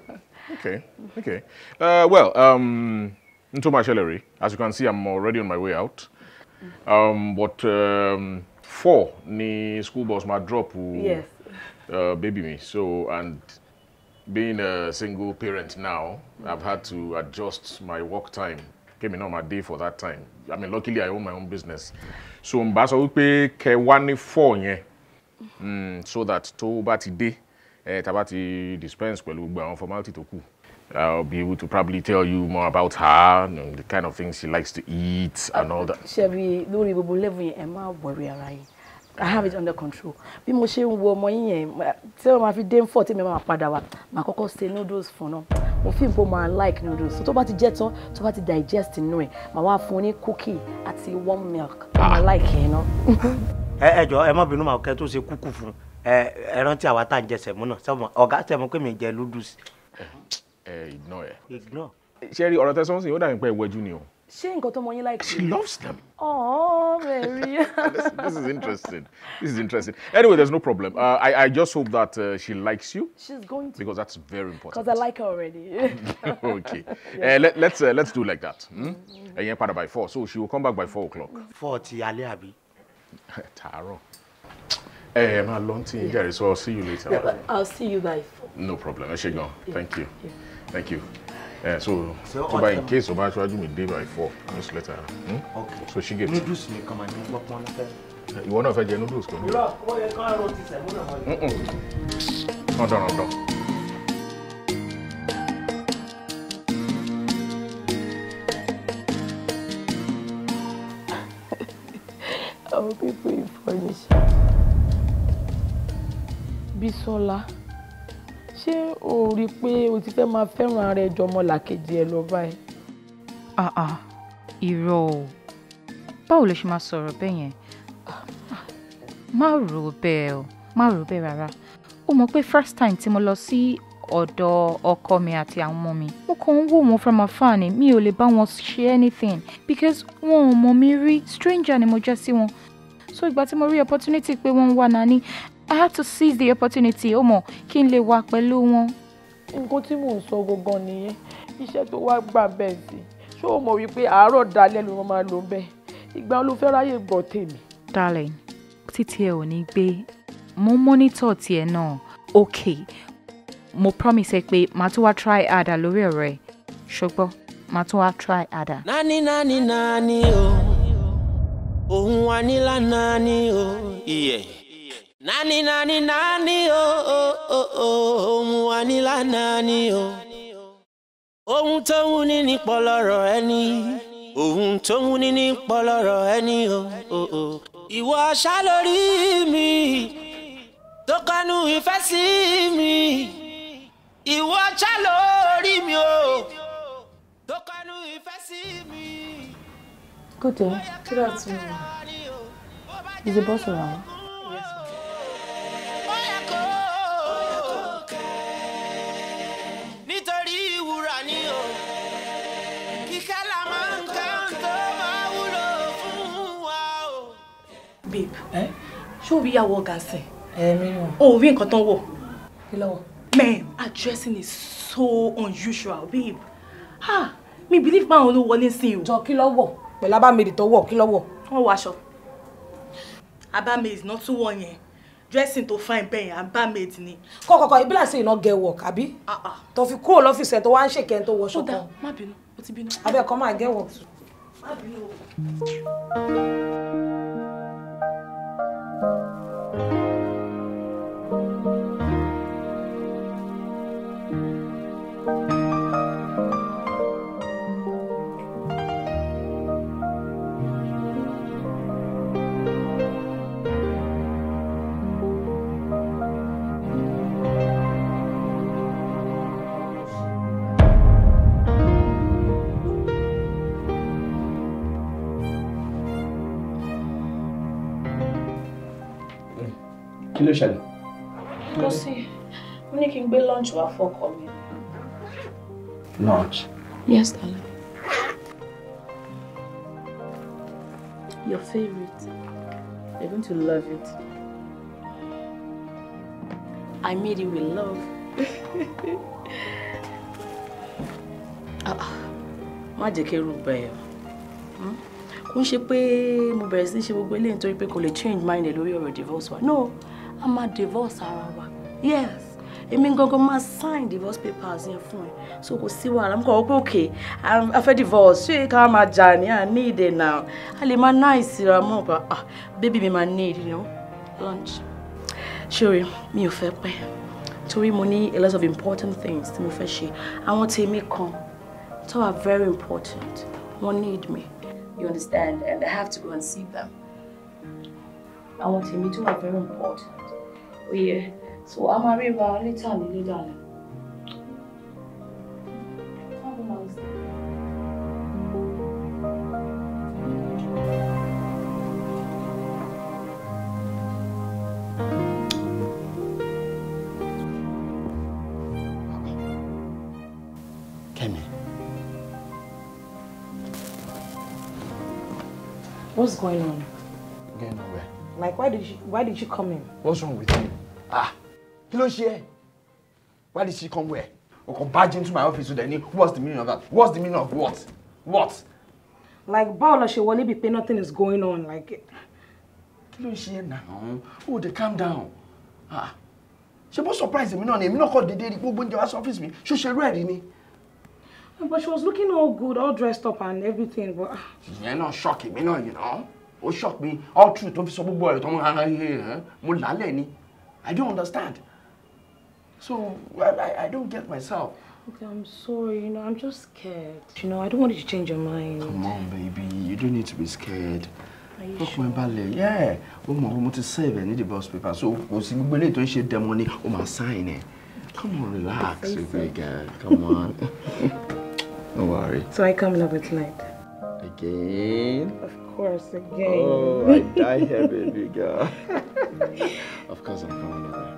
okay okay uh, well um, n tó as you can see I'm already on my way out. Um, but um, four ni school bus ma drop yes. uh, baby me. so and being a single parent now mm. I've had to adjust my work time kémi náà máa dé for that time I mean luckily I own my own business so n bá sọ wípé kẹ wá four yẹn mm, so that tó bá ti dé ẹ eh, tá bá ti dispense pẹ̀lú gbogbo àwọn formality tó kù I'll be able to probably tell you more about her, you know, the kind of things she likes to eat uh, and all that. Ṣebí lórí gbogbo level yẹn, ẹ má worry ara yín. I have it under control. Bí mo ṣe ń wo ọmọ yín yẹn, tí wọ́n máa fi dé fọ̀ tí mi máa padà wá, màá kọ́kọ́ noodles for no. Mo fi ìbò máa like noodles. So to bá ti jẹ́ tán, tó bá ti digest inú ẹ̀, màá wá fún un ní cookie àti warm milk. Màá like yẹn náà. Ẹ ẹ jọ ẹ má bínú màá kẹ́ tó ṣe Eh, fún ẹ ẹ rántí àwa tá à ń jẹ sẹ̀mú náà ọ̀gá sẹ̀mú pé mi jẹ noodles ẹ ignore ẹ. ignore. ṣé rí ọ̀rọ̀ tẹ́sán sìn ó dàbí pé ẹ wẹjú ni o. ṣé nǹkan tó mọ yín láìpẹ́. she loves them. oh Mary. this, this is interesting this is interesting anyway there's no problem uh, I, I just hope that uh, she likes you. she's going to. because that's very important. because I like her already. okay yeah. uh, let, let's uh, let's do like that. Hmm? ẹ̀yin padà by four so she will come back by four o'clock. four ti alẹ́ àbí. tààrọ̀. Hey, Emma, long time. Yeah. Jerry, so I'll see you later. Yeah, I'll see you by four. No problem. I should go. Thank you. Yeah thank you. Uh, so, so to in case of I actually me day by four news letter. Hmm? Okay. So she gets noodles me come and what one of You want to fetch your noodles? Come here. No, no, no, no. Our people in furniture. Bisola ṣé o rí i pé o ti fẹ́ máa fẹ́ràn ara ẹ jọ ọmọ làkejì ẹ lọ báyìí. àà irọ́ o báwo ló ṣe máa sọ̀rọ̀ bẹ́ẹ̀ yẹn má rò bẹ́ẹ̀ o má rò bẹ́ẹ̀ rárá ó mọ̀ pé first time tí mo lọ sí ọ̀dọ̀ ọkọ mi àti àwọn ọmọ mi mo kàn ń wò wọ́n from afar ni mi ò lè bá wọn ṣe anything because wọn ò mọ̀ mi rí stranger ni mo jẹ́ sí wọn so ìgbà tí mo rí opportunity pé wọ́n ń wá nani I have to seize the opportunity ó mọ̀ kí n lè wà pẹ̀lú wọn. nǹkan tí mò ń sọ gangan nìyẹn iṣẹ́ tó wá gbà bẹ́ẹ̀ sí ṣé o mọ̀ wípé àárọ̀ dalẹ́ ló máa lò bẹ́ẹ̀ ìgbà ló ráyè gbọ́ tèmi. darling títí ẹ ò ní gbé mo mọ́nítọ̀ tiẹ̀ náà ok mo promise ẹ pé màá tún wá try harder lórí ọ̀rọ̀ ẹ ṣùgbọ́n màá tún wá try harder. nání nání nání o òun wa nílá nání o ìyẹn. Yeah nani nani nani o o ohun wa ni lánàá o oh. ohun tó ń wúni ní pọlọ́rọ̀ ẹni ohun tó ń wúni ní pọlọ́rọ̀ ẹni o oh, oh, ìwọ aṣá lórí mi tó kọnu ìfẹ́ sí mi ìwọ aṣá lórí mi o tó kọnu ìfẹ́ sí mi. Good day. Good afternoon. Is the boss around? babe ṣé o rí ìyàwó ọ̀gá sí o ò rí nǹkan tán wò. man addressing is so unusual babe Ha? mi believe pa àwọn olówọlé sí o. jọ kí ló wọ̀ pẹ̀lú abámẹ́rì tó wọ̀ kí ló wọ̀. wọ́n wọ aṣọ abámẹ́rì náà tún wọ̀ yẹn dressing to fine bẹ́ẹ̀ yẹn abámẹ́rì ni. kọ́kọ́kọ́ ibi làṣẹ iná gẹ̀ work àbí. Ah, ah. tó fi kúrò lọ́fíìsì ẹ̀ tó wá ń ṣèkẹ́ ẹ̀ tó wọṣọ kan. ó dà má bínú ó ti bínú. abẹ́ ẹ̀kọ́ máa gẹ̀ work. má bínú o. thank you kí ló ṣẹlẹ̀. kò sí mo ní kí n gbé lunch wá fọkọ mi. lunch. yes darling. your favorite you're going to love it. I made it with love. Ah, ah. má jẹ́ kí irú bẹ́ẹ̀ o hmm? kò ń ṣe pé mo bẹ̀rẹ̀ sí ṣe gbogbo eléyìí nítorí pé kò lè change mind ẹ̀ lórí ọ̀rọ̀ divorce wa no a máa divorce ara wa yes èmi gangan máa sign divorce papers yẹn fún ẹ so kò sí wàhálà mo kàn wọ́n pé okay um, a fẹ́ divorce ṣé ká máa jà ní à ní ìdè náà a lè máa ná ìsira mọ́ ọ̀pá ah baby mi máa need. You know, lunch ṣeré mi ò fẹ́ pẹ́ torí mo ní a lot of important things tí mo fẹ́ ṣe àwọn tèmi kan tó are very important wọ́n need me you understand and I have to go and see them àwọn tèmi tó are very important. Oh yeah. So I'm a river later on the darling. What's going on? Going nowhere. Like, why did you why did you come in? What's wrong with you? ah kí ló ṣe ẹ why did she come where o kàn barge into my office so then what's the meaning of that what's the meaning of what what. like báwo lọ ṣe wọlé bíi pé nothing is going on like. kí ló ń ṣe ẹ náà o oh, dey calm down ah ṣe bó surprise mi náà ni èmi náà kọ́ dédé rí gbogbo oúnjẹ wá sí ọ́fíìsì mi ṣó ṣe rú ẹ̀rí ni. but she was looking all good all dressed up and everything but. Ah. ìyẹn náà shock mi náà yìí náà ó shock mi all through tó fi sọ gbogbo ẹ̀rọ tó ń hàn án mo làálẹ̀ ni I don't understand. So I, I, don't get myself. Okay, I'm sorry. You know, I'm just scared. You know, I don't want you to change your mind. Come on, baby. You don't need to be scared. Are you sure? yeah o oh, mọ̀ mo ti save any ní the bus paper so if sí gbogbo eléyìí tó ń ṣe dẹmọ ni o sign it. come on relax you big guy come on Don't worry. So I come love with light. Again? Of course, again. Oh, I die here, baby girl. of course, I'm coming over.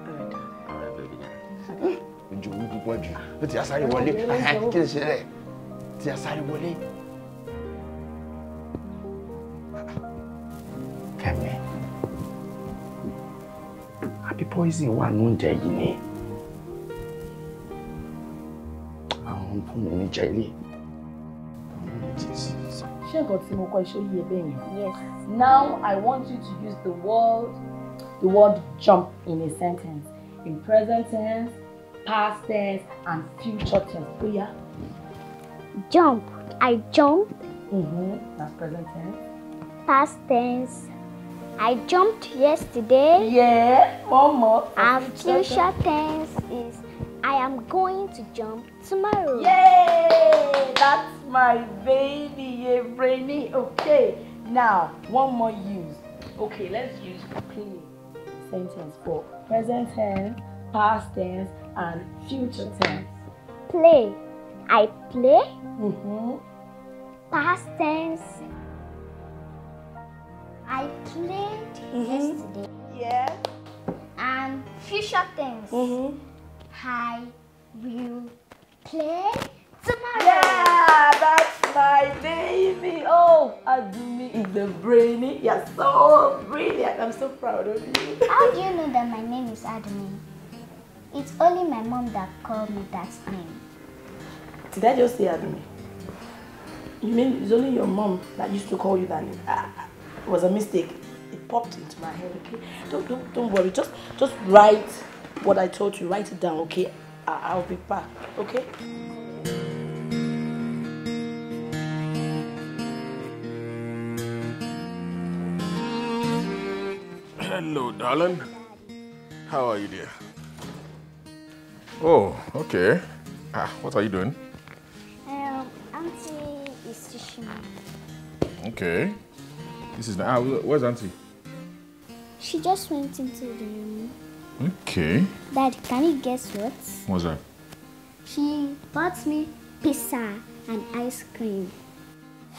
All right, baby girl. Ojú mi púpọ̀ jù. Ó ti asáré wọlé. Kí ni ṣẹlẹ̀? Ti asáré wọlé. Kẹ̀mí. Àbí poison wà ní oúnjẹ yìí ni? Àwọn fún mi ní jẹ́lé. Àwọn ò tí ì sí yes. now i want you to use the word the word jump in a sentence in present tense past tense and future tense Oh yeah. jump i jump. Mm-hmm. that's present tense. past tense. I jumped yesterday. Yeah, one more. And future tense is I am going to jump tomorrow. Yay! That's my baby, yeah, Okay, now one more use. Okay, let's use clean sentence for present tense, past tense, and future tense. Play. I play. Mm -hmm. Past tense. I played mm -hmm. yesterday. Yes. And future tense. Mm -hmm. I will play tomorrow. Yeah, that's my baby. Oh, Adumi is the brainy. You're so brilliant. I'm so proud of you. How do you know that my name is Adumi? It's only my mom that called me that name. Did I just say Adumi? You mean it's only your mom that used to call you that name? Ah, it was a mistake. It popped into my head, okay? Don't, don't, don't worry. Just, just write what I told you. Write it down, okay? I, I'll be back, okay? Hello, darling. How are you, dear? Oh, okay. Ah, what are you doing? Um, Auntie is teaching me. Okay. This is ah, where's Auntie? She just went into the room. Okay. Dad, can you guess what? What's that? She bought me pizza and ice cream.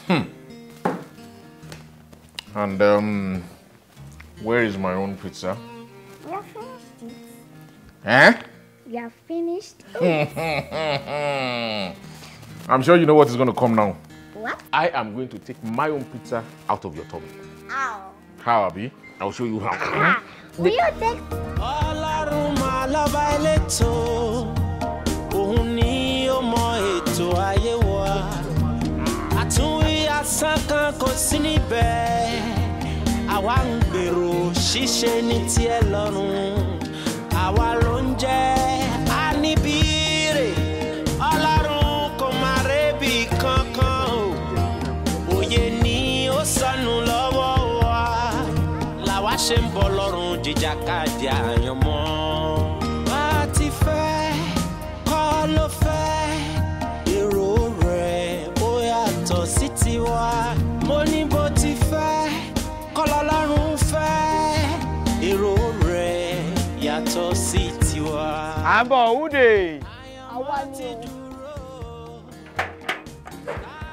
Hmm. And um, where is my own pizza? We have finished it. Eh? We have finished it. I'm sure you know what is going to come now. What? I am going to take my own pizza out of your tummy. Ow. How, Abby? I'll show you how. Ah, will you take... àwa ń gbèrò ṣíṣe ní tiẹ̀ lọ́rùn àwa ló ń jẹ́ àníbíire ọlọ́run kò má rébi kankan o òye ni ó sọnù lọ́wọ́ wa làwa ṣe ń bọ̀ lọ́rùn jìjàkadì àyànmọ́. à ń bọ̀ òwúde. àwa ni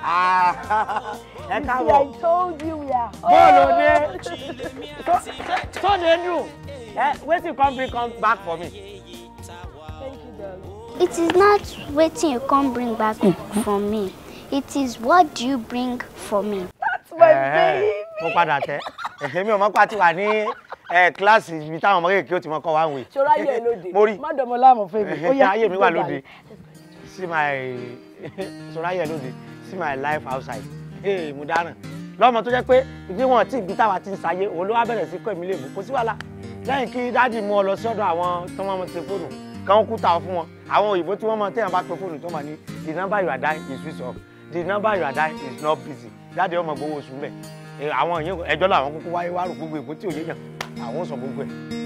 ah, ẹ káàbọ̀ bọ́ọ̀lù dé sọ́ọ̀dù ẹnu wetin come bring come back for me. It is not wetin you come bring back mm-hmm. for me. It is what do you bring for me my eh, baby. mo padà tẹ èmi ò pa ti wà ní kíláàsì ibi táwọn ọmọ kéèké ó ti mọ kọ wá ṣọlá yẹ lóde mo rí mọdọmọ láàmú fún mi. Eh, ó yẹ ayé mi wà lóde sí my ṣọlá yẹ lóde sí my life outside ee mo dáràn lọ́mọ tó jẹ́ pé ibi wọn tí ibi táwa ti ń sáyé òun ló wá bẹ̀rẹ̀ sí kọ́ èmi lè kò sí wàhálà lẹ́yìn kí dáàdì mú ọ lọ sí ọ̀dọ̀ àwọn tó máa ń ṣe kan kú ta fún wọn àwọn òyìnbó tí wọ́n máa tẹ̀yàn bá pe fóònù tó máa ní the number you are dialing is switch the number you are dialing is not busy jáde ọmọ gbowó oṣù mẹ àwọn yẹn ẹjọ́ làwọn kúkú wáyé wá rò gbogbo èkó tí òye yàn àwọn sọ gbogbo ẹ̀.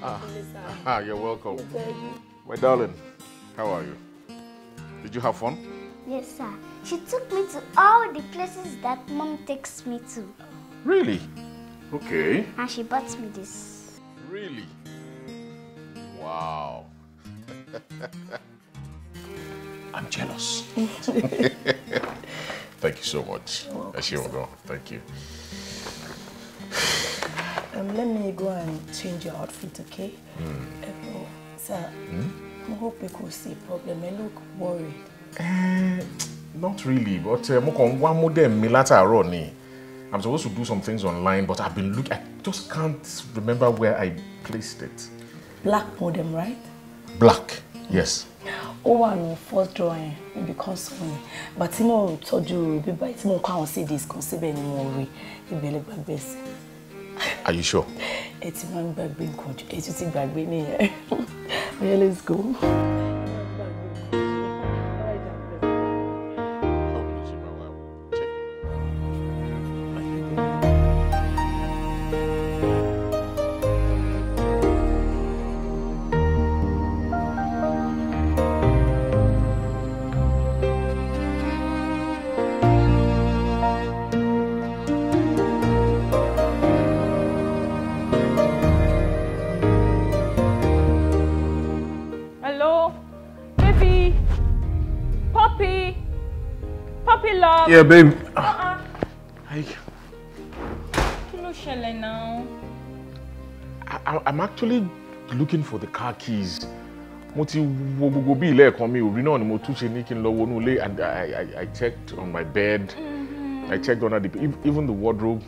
Ah, ah you're welcome. My darling, how are you? Did you have fun? Yes, sir. She took me to all the places that mom takes me to. Really? Okay. And she bought me this. Really? Wow. I'm jealous. Thank you so much. you Ashimodo, thank you. Um, let me go and change your outfit, okay? Mm. sir, mm? I hope you could see problem. I look worried. Uh, not really but eh, mo kàn wá modem mi látàárọ̀ ni i'm supposed to do some things online but i've been looking i just can't remember where i placed it. black modem right. black yes. ó wà ní fourth drawer yẹn níbi console But bàtí mo ń tọ́jú bíbá tí mo ń kọ́ àwọn cds kan síbẹ̀ ni mo rí ìbẹ̀lẹ̀ gbàgbé sí. are you sure. ẹ ti máa ń gbàgbé nǹkan jù ẹ ti ti gbàgbé nìyẹn. let's go. Yeah, babe. Uh-uh. Hey. Kí ló now? I, I'm actually looking for the car keys. Moti ti wo gbogbo bí ilé ẹ̀kan mi ò rí ni mo tún ṣe ní kí n lọ wọnú and I, I, I checked on my bed. Mm-hmm. I checked under the e-, even the wardrobe.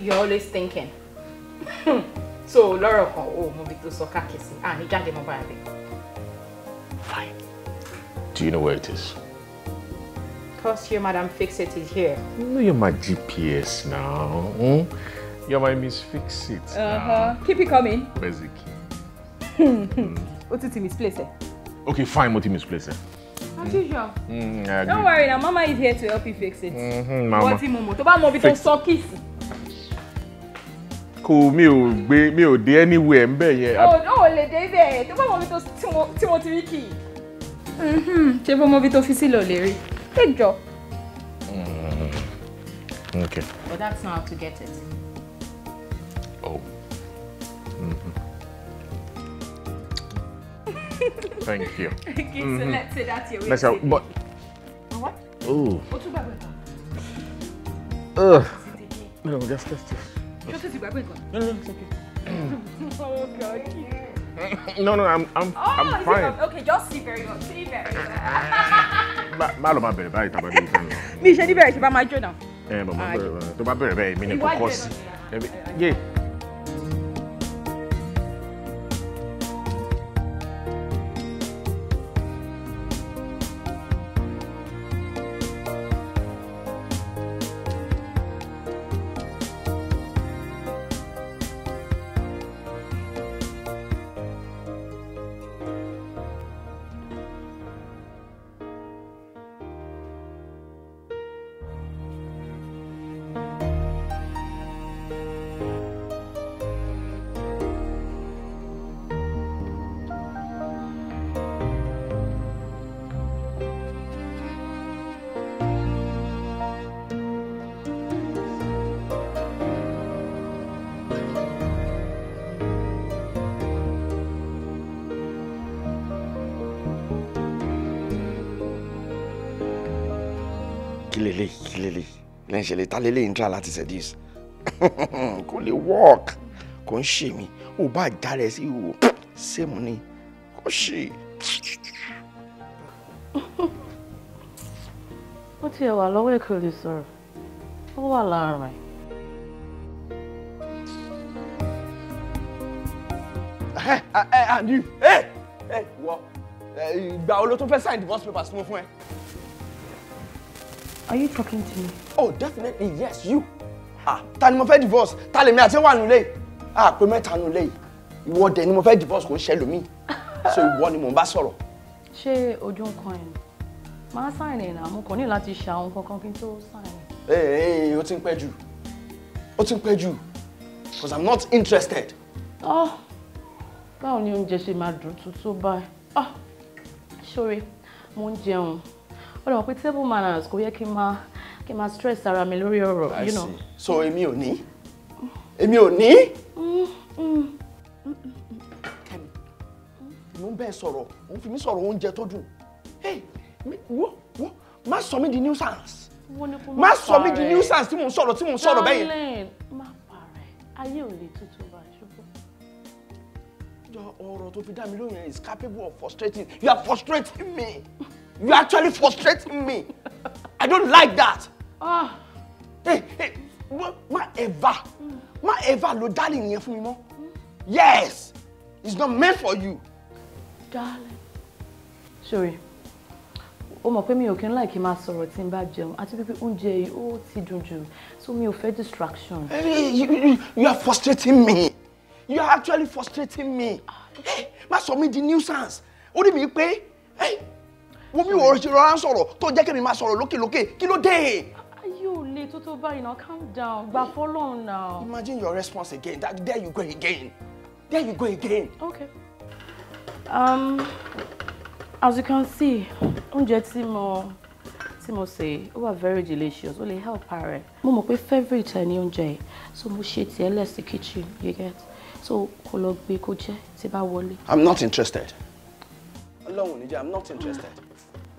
You're always thinking. so lọ́rọ̀ kan o mo bi tó car keys. Ah, ni jáde mo bá Fine. Do you know where it is? because your Madam Fixit is here. No, you're my GPS now. Mm? You're my Miss Fixit. Uh-huh. Keep it coming. Where's the key? mm. What is Okay, fine, what is misplace? As usual. Mm, I Don't worry now, Mama is here to help you fix it. Mm-hmm, Mama. What is Momo? Tó bá mọ bí tó sọ kíìsì. Kò mi ò gbé mi ò dé anywhere ń bẹ̀ yẹn. O ò lè dé ibẹ̀ tó bá mọ bí tó tí mo ti rí kì í. Mm-hmm, ṣé bó mọ bí Take job. Mm, mm-hmm. okay. But that's not how to get it. Oh. Mm -hmm. Thank you. okay, mm -hmm. so mm-hmm. let's say that's your way. Let's go. But. Oh, what? Ooh. What's your Ugh. No, just, just, just. No, no, it's okay. oh, God. No, no, I'm, I'm, oh, I'm fine. okay, just sleep very well. Sleep very well. Má lọ máa bẹ̀rẹ̀ báyìí tábà dé ìtàn. Mi ṣe ní bẹ̀rẹ̀ ṣe bá máa jóná. Ẹ bàbá bẹ̀rẹ̀ tó bá bẹ̀rẹ̀ bẹ́ẹ̀ mi ni kò kọ́ sí. Yé. ń ta lélẹ́yìn ń tra láti seduce kò lè work kò ń ṣe mí ò bá jáde sí ìwò sẹ́mu ni kò ṣe. ó ti ẹ̀ wà lọ́wọ́ èkó lè sọ̀rọ̀ ó wà láàrin ẹ̀. ẹ ẹ àní ẹ ẹ wọ ìgbà wo fẹ́ sign divorce papers fún ẹ. Are you talking to me? oh definitely yes you ah ta ni mo fẹ́ divorce ta lèmi àti wà nulẹ̀ ah pé mẹ́ta nulẹ̀ ìwọ dẹ̀ ni mo fẹ́ divorce kò ń ṣe lómi so ìwọ ni mò ń bá sọ̀rọ̀. ṣé ojú ń kan ẹ̀ máa sáìn ẹ̀ náà mo kàn ní láti ṣe àwọn kankan kí n tó sáìn. ẹ ẹ o ti ń pẹ́ jù o ti ń pẹ́ jù because i'm not interested. oh báwo ni oúnjẹ ṣe máa dùn tuntun báyìí ah sorry mo ń jẹun ó lọ pé table manners kò yẹ kí n máa kí n máa stress ara mi lórí ọ̀rọ̀ you know. so èmi ò ní èmi ò ní. kẹ́mi mo ń bẹ́ẹ̀ sọ̀rọ̀ òun fi mí sọ̀rọ̀ oúnjẹ tó dùn wọ́n wọ́n má sọ mí di nuisance má sọ mí di nuisance tí mò ń sọ̀rọ̀ tí mò ń sọ̀rọ̀ bẹ́yẹn. darlene má parẹ́ ayé ò lè tuntun bá ṣubú. jọ ọ̀rọ̀ tó fi dá mi lóyún is capable of frustrating you are frustrating me you are actually frustrating me i don't like that. Ah. Hey, eh, hey, má ever, má ever lo darling yẹn fún mi mọ́. Yes, it's not meant for you. Darling. Sorry ó mọ̀ pé mi ò kí ń láìkí máa sọ̀rọ̀ tí n bá jẹun àti pípé oúnjẹ yìí ó ti dùn jù so mi ò fẹ́ distraction. Eh, eh, you, you, you are frustrating me you are actually frustrating me má sọ mi di nuisance ó rí mi pé wọ́n mi ò rọra ń sọ̀rọ̀ tó jẹ́ mi máa sọ̀rọ̀ lókèlókè kí ló dé baby, Toto báyìí now calm down. But follow now. Imagine your response again. That, there you go again. There you go again. Okay. Um, as you can see, oúnjẹ tí mo tí mo sè ó wà very delicious. Ó lè help ara ẹ̀. Mo mọ̀ pé favourite ẹ̀ ní oúnjẹ yìí. So mo ṣe tiẹ̀ lẹ̀ sí kitchen, you get? So kò lọ gbé kó jẹ́ tí bá wọlé. I'm not interested. Ọlọ́run ò I'm not interested. Mm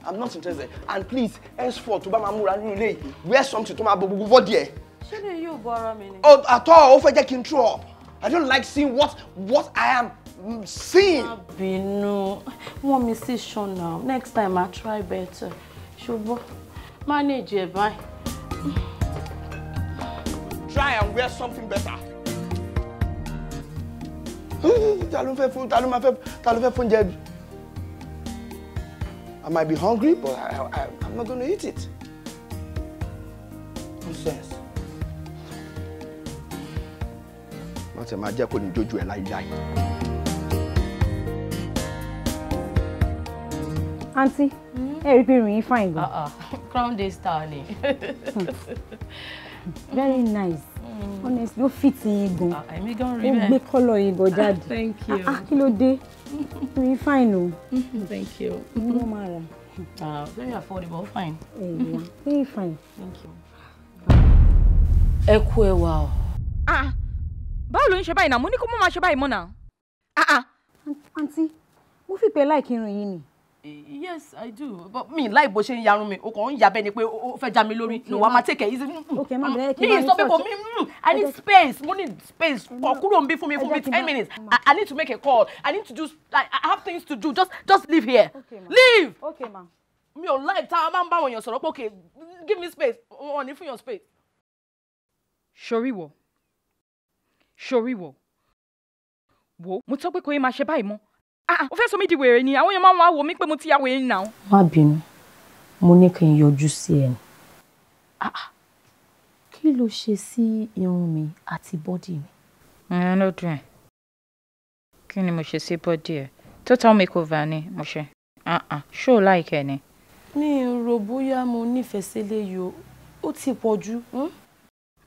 i'm not interested and please henceforth to buy my múra nínú ilé wear something to my bo gbogbo bọ́ọ̀dì ẹ̀. ṣé ni yóò oh at all ó fẹ́ jẹ́ kí n up i don't like seeing what what i am mm, seeing. má Want me mi sí ṣan now next time i try better ṣùgbọ́n manage ẹ̀ báyìí. try and wear something better. ta ló fẹ́ fún ta ló máa fẹ́ ta ló I might be hungry, but I, I, I'm not going to eat it. Nonsense. Má ṣe máa jẹ́ kó ní jójú ẹ̀ láíláí. Aunty, hmm? ẹ rí pé ìròyìn fine gan. Uh-uh. Crown day star Very nice. Hmm. Honestly, ó fit yín gan. Ah, èmi gan rí bẹ́ẹ̀. Ó Thank you. Ah, ah, kí ló dé? mi fine o. Oh. thank you. mo máa rà. ah very affordable fine. ẹ̀yà mm, very fine. thank you. ẹ kú ẹ wà o. ah báwo ló ń ṣe báyìí náà mo ní kó má máa ṣe báyìí mọ́ náà. Ah, ah. mo fi pé láìkí irun yìí ni yes i do but mi láì bó ṣe ń yarun mi o kàn ń yabẹ ni pé o fẹ́ já mi lórí ni wàá máa take it easy mi sọ pé kò mi i need space mo need space kọ kúrò ń bí fún mi fún mi ten minutes I, need to make a call i need to do i, I have things to do just just leave here okay, leave okay, mi ò láì tá a máa ń bá àwọn èèyàn sọ̀rọ̀ pé okay give me space wọn ò ní fún yàn space. ṣoríwọ̀ ṣoríwọ̀ wo mo tọ́ pé kò yẹ máa ṣe báyìí mọ́ ah o ah, fẹ́ sọ mí di wèrè ni àwọn èèyàn máa ń wá wò mí pé mo ti ya wèrè nà. má bínú mo ní kí n yọjú sí ẹ ni ah, ah. kí ló ṣe sí irun mi àti bọ́dì mi. ẹ̀yin ló dùn ẹ̀ kí ni mo ṣe sí bọ́dì ẹ̀ total makeover ni mo ṣe ṣó láìkẹ́ ni. mi ò rò bóyá mo nífẹ̀ẹ́ sílé yìí o ó ti pọ̀ jù. Hmm?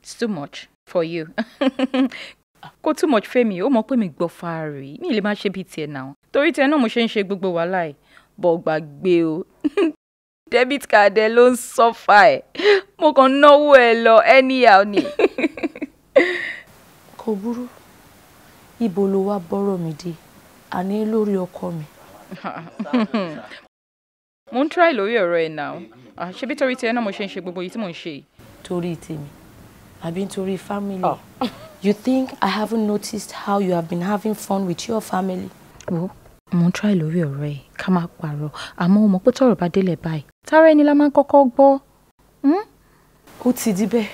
it's too much for you kó too much fẹ́mi ó mọ̀ pé mi gbọ́ fàárì mi lè má ṣe bíi tiẹ̀ náà torí tiẹ̀ náà mo ṣe ń ṣe gbogbo wàhálà ẹ̀ bọ́ gbàgbé o debit card ẹ ló ń sọ́fà ẹ̀ mo kàn náwó ẹ lọ anyhow ni. kò burú ibo ló wá bọ́rọ̀ mi dé àní lórí ọkọ mi. mo ń try lórí ọ̀rọ̀ ẹ̀ náà ṣebí torí tiẹ̀ náà mo ṣe ń ṣe gbogbo èyí tí mò ń ṣe. torí tèmi àbí nítorí fámìlì. You think I haven't noticed how you have been having fun with your family? Wo, mo ń try lórí ọ̀rọ̀ ẹ̀ ká máa pààrọ̀ àmọ́ o mọ̀ pé tọ̀rọ̀ bá délẹ̀ báyìí. Tára ẹni la máa ń kọ́kọ́ gbọ́. Hmm? Ó ti di bẹ́ẹ̀.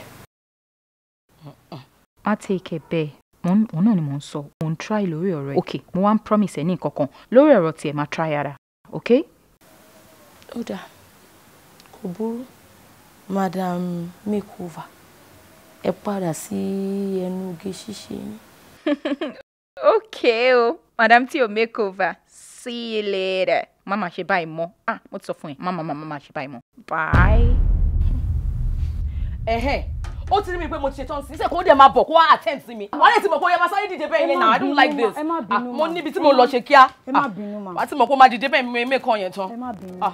Má take it bẹ́ẹ̀. Òun náà ni mò ń sọ. Mo ń try lórí ọ̀rọ̀ ẹ̀. Ok, mo wá ń promise ẹ ní nǹkan Lórí ọ̀rọ̀ tiẹ̀ máa try ara. Okay? Ó dáa. Kò burú. Madam Makeover ẹ padà sí ẹnu oge ṣíṣe yín. okay o madam tí o make over see you later má máa ṣe báyìí mọ́ ah mo ti sọ fún ẹ má má má má ṣe báyìí mọ́ bye. ẹ̀hẹ́n ó ti rí mi pé mo ti ṣetán sí ṣe kó dẹ̀ máa bọ̀ kó wá attend sí mi. wọ́n lè ti mọ̀ pé ó yẹ máa sáré dìde bẹ́ẹ̀ yẹn náà I don't like this. Ah, mo níbi tí mo lọ ṣe kíá. ẹ ma. Ah, wàá ti mọ̀ pé ó máa dìde bẹ́ẹ̀ mi mẹ́kàn yẹn tán. ẹ má bínú ma. Ah.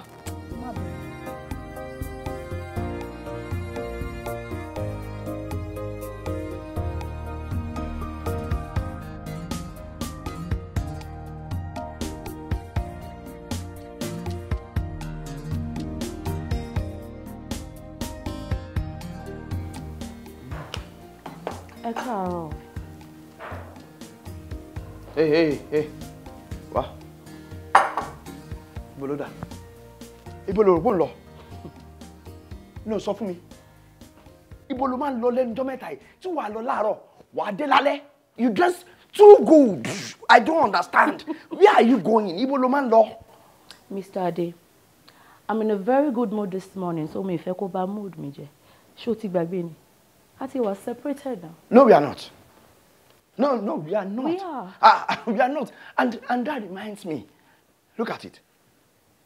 ẹ káàárọ̀. ee ee ee wá ibo ló dà ibo ló rò pò ń lọ ní o sọ fún mi ibo ló máa ń lọ lẹ́nu mẹ́ta yìí tí wàá lọ láàárọ̀ wàá dé lálẹ́ you dress too good i don't understand where are you going ibo ló máa ń lọ. mr ade i'm in a very good mood this morning so mi ìfẹ́ kó bà mood mi jẹ́ ṣé o ti gbàgbé ni. Ati was separated now. No, we are not. No, no, we are not. We are. Ah, we are not. And and that reminds me. Look at it.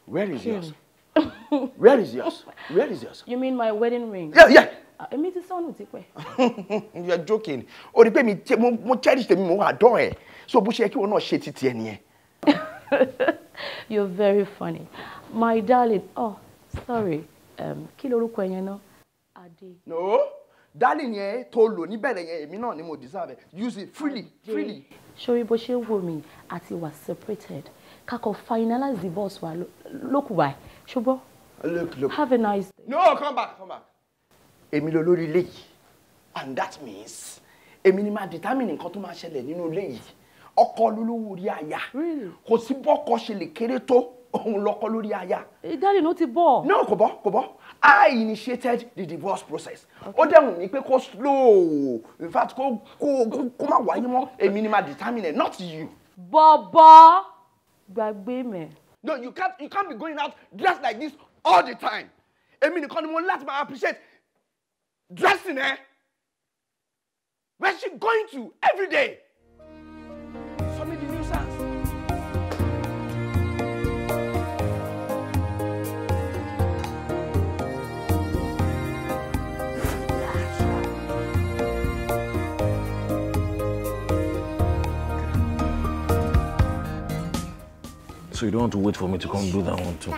Where is yours? Where is yours? Where is yours? You mean my wedding ring? Yeah, yeah. Ah, èmi ti sọnù ti pẹ́. You are joking. O rí pé mi mo cherish tèmi mo adore ẹ̀. So bó ṣe kí wọn náà ṣe ti tiẹ̀ nìyẹn. You're very funny. My darling, oh, sorry. Um, kí lorúkọ ẹ̀yẹn náà? Adé. No darling yẹn tó lò níbẹ̀rẹ̀ yẹn èmi náà ni mo deserve it use it freely freely. sori bó ṣe ń wò mí àti wà separated kakọ finalize divorce wa lókùwà ṣùgbọ́n look look have a nice day. no come back come back. èmi ló lórí ilé yìí and that means èmi ni máa determine nǹkan tó máa ṣẹlẹ̀ nínú ilé yìí ọkọ lólówó rí aya kò sí bọ́kọ ṣe lè kéré tó òun lọkọ lórí aya. ìdálẹ́ eh, ló ti bọ̀. náà kò bọ́ kò bọ́ I initiated the divorce process. Ó dẹ̀ wù pé kó slow in fact kó kó kó má wáyé mọ́ èmi ni ma determine it not you. Bọ̀bọ̀ gbàgbé mẹ́. No you can't you can't be going out dressed like this all the time. Èmi nìkan ni mo ní láti máa appreciate dressing ẹ. Eh? Where she going to every day? So you don't want to wait for me to come do that one too?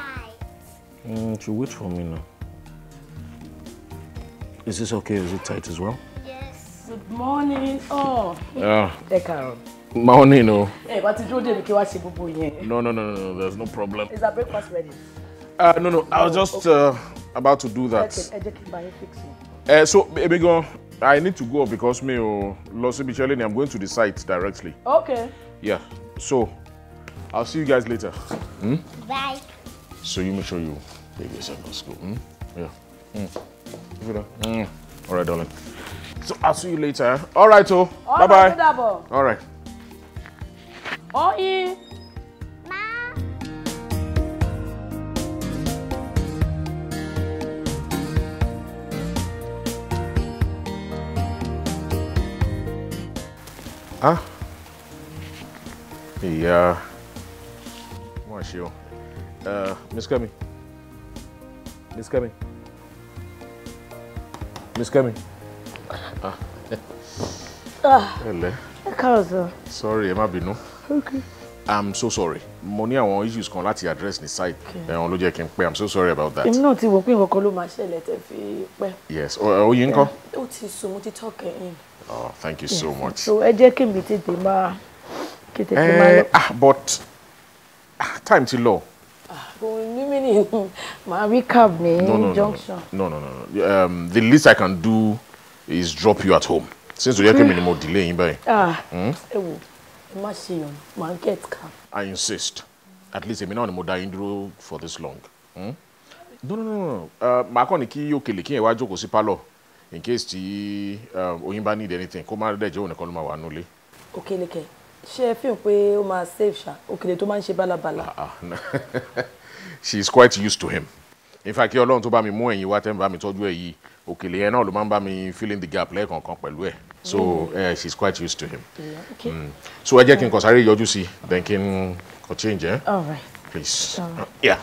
Mm, to wait for me now. Is this okay? Is it tight as well? Yes. Good morning. Oh. Yeah. Ẹ káàárọ̀. Morning, no. Hey, did you do because kí wá ṣe No, no, no, no, no. There's no problem. Is our breakfast ready? Uh, no, no. I was just okay. uh, about to do that. Uh, so, baby girl, I need to go because me, oh, Lossi Bichelini, I'm going to the site directly. Okay. Yeah. So, I'll see you guys later. Hmm? Bye. So you make sure you take yourself to school. Hmm? Yeah. Mm. Mm. All right, darling. So I'll see you later. Eh? All right, oh. bye bye. All right. Oh, yeah. Ah, yeah. wọn ṣe o eh, miss kemi miss kemi miss kemi ẹlẹ ah. ah. ẹ káàárọ̀ sọ. sorry ẹ má bínú i'm so sorry mo ní àwọn issues kan láti address ní site ẹ̀wọ̀n eh, ló jẹ́ kí n pẹ́ i'm so sorry about that. èmi náà ti wò pé nǹkan kan ló máa ṣẹlẹ̀ tẹ́ fi pẹ́. yes oyin ńkọ́. Eh, ó ti sùn mo ti tọ́ kẹ́yìn. oh thank you so much. so ẹ jẹ́ kí n bí tètè máa kí tètè máa lọ. Ah, but Ah, time ti lọ. ní mini màá rí cab ní junction. no no no no um, the least i can do is drop you at home since o yẹ kí mi ni mo delay yín báyìí. Ah, hmm? ẹ wo ẹ má ṣe yàn màá get cab. i insist at least èmi náà ni mo dá yín dúró for this long. Hmm? no no no uh, màá kàn ní kí òkèlè kí yẹn wá jókòó sí pálọ̀ in case tí um, oyin bá need anything kó má dẹ̀ jẹ́ òun nìkan ló máa wà nulẹ̀. òkèlè kẹ́ẹ̀ ṣé ẹ fi hàn pé ó máa save ṣá òkèlè tó máa ń ṣe bálabàla. Ah, ah, she is quite used to him in fact kí ọlọ́run tó bá mi mú ẹ̀yìn wá tẹ́mi bá mi tọ́jú ẹ̀ yìí òkèlè yẹn náà ló máa ń bá mi fill the gap lẹ́ẹ̀kọ̀ọ̀kan pẹ̀lú ẹ̀ so uh, she is quite used to him yeah, okay. mm. so ẹ jẹ́ kí n kàn sáré yọjú sí then kí n kàn change ẹ̀ eh? please. All right. yeah.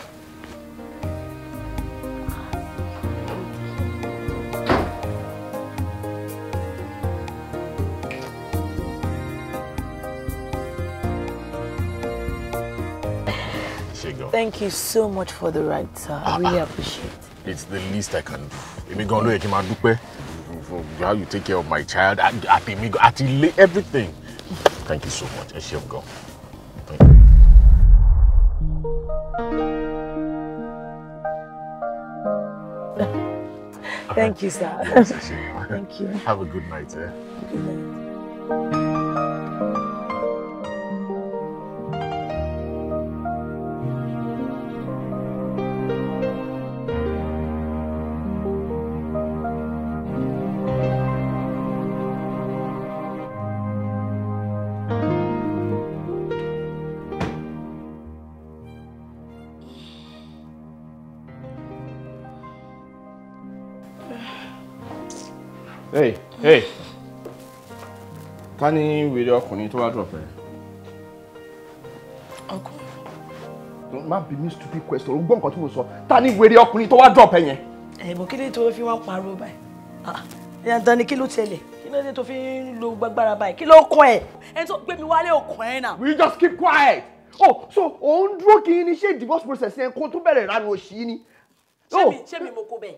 Thank you so much for the ride, sir. I ah, really ah. appreciate it. It's the least I can do. Èmi gan ló yẹ for how you take care of my child àti èmi gan àti ilé everything. Thank you so much. I shall go. Thank you. Thank you, sir. Thank you. Have a good night, eh? Good night. ká ní wèrè ọkùnrin tó wá drop ẹ. ọkùnrin. má bí mi stupid question o gbọ́ nǹkan tí mo sọ ta ni wèrè ọkùnrin tó wá drop ẹ yẹn. ẹ̀bùn kí ló tó fi wọ́n parọ́ báyìí ah, dandan ni kí ló tẹ̀lé kí ló dé tó fi ń lo gbàgbára báyìí kí ló kọ́ ẹ̀ ẹni tó gbé mi wálé òkun ẹ̀ náà. we just keep quiet. oh so òun dúró kí ni ṣé divorce process yẹn kó tún bẹ̀rẹ̀ ránu òṣì ni. ṣé mi oh. ṣé mi mo kó bẹ́ẹ̀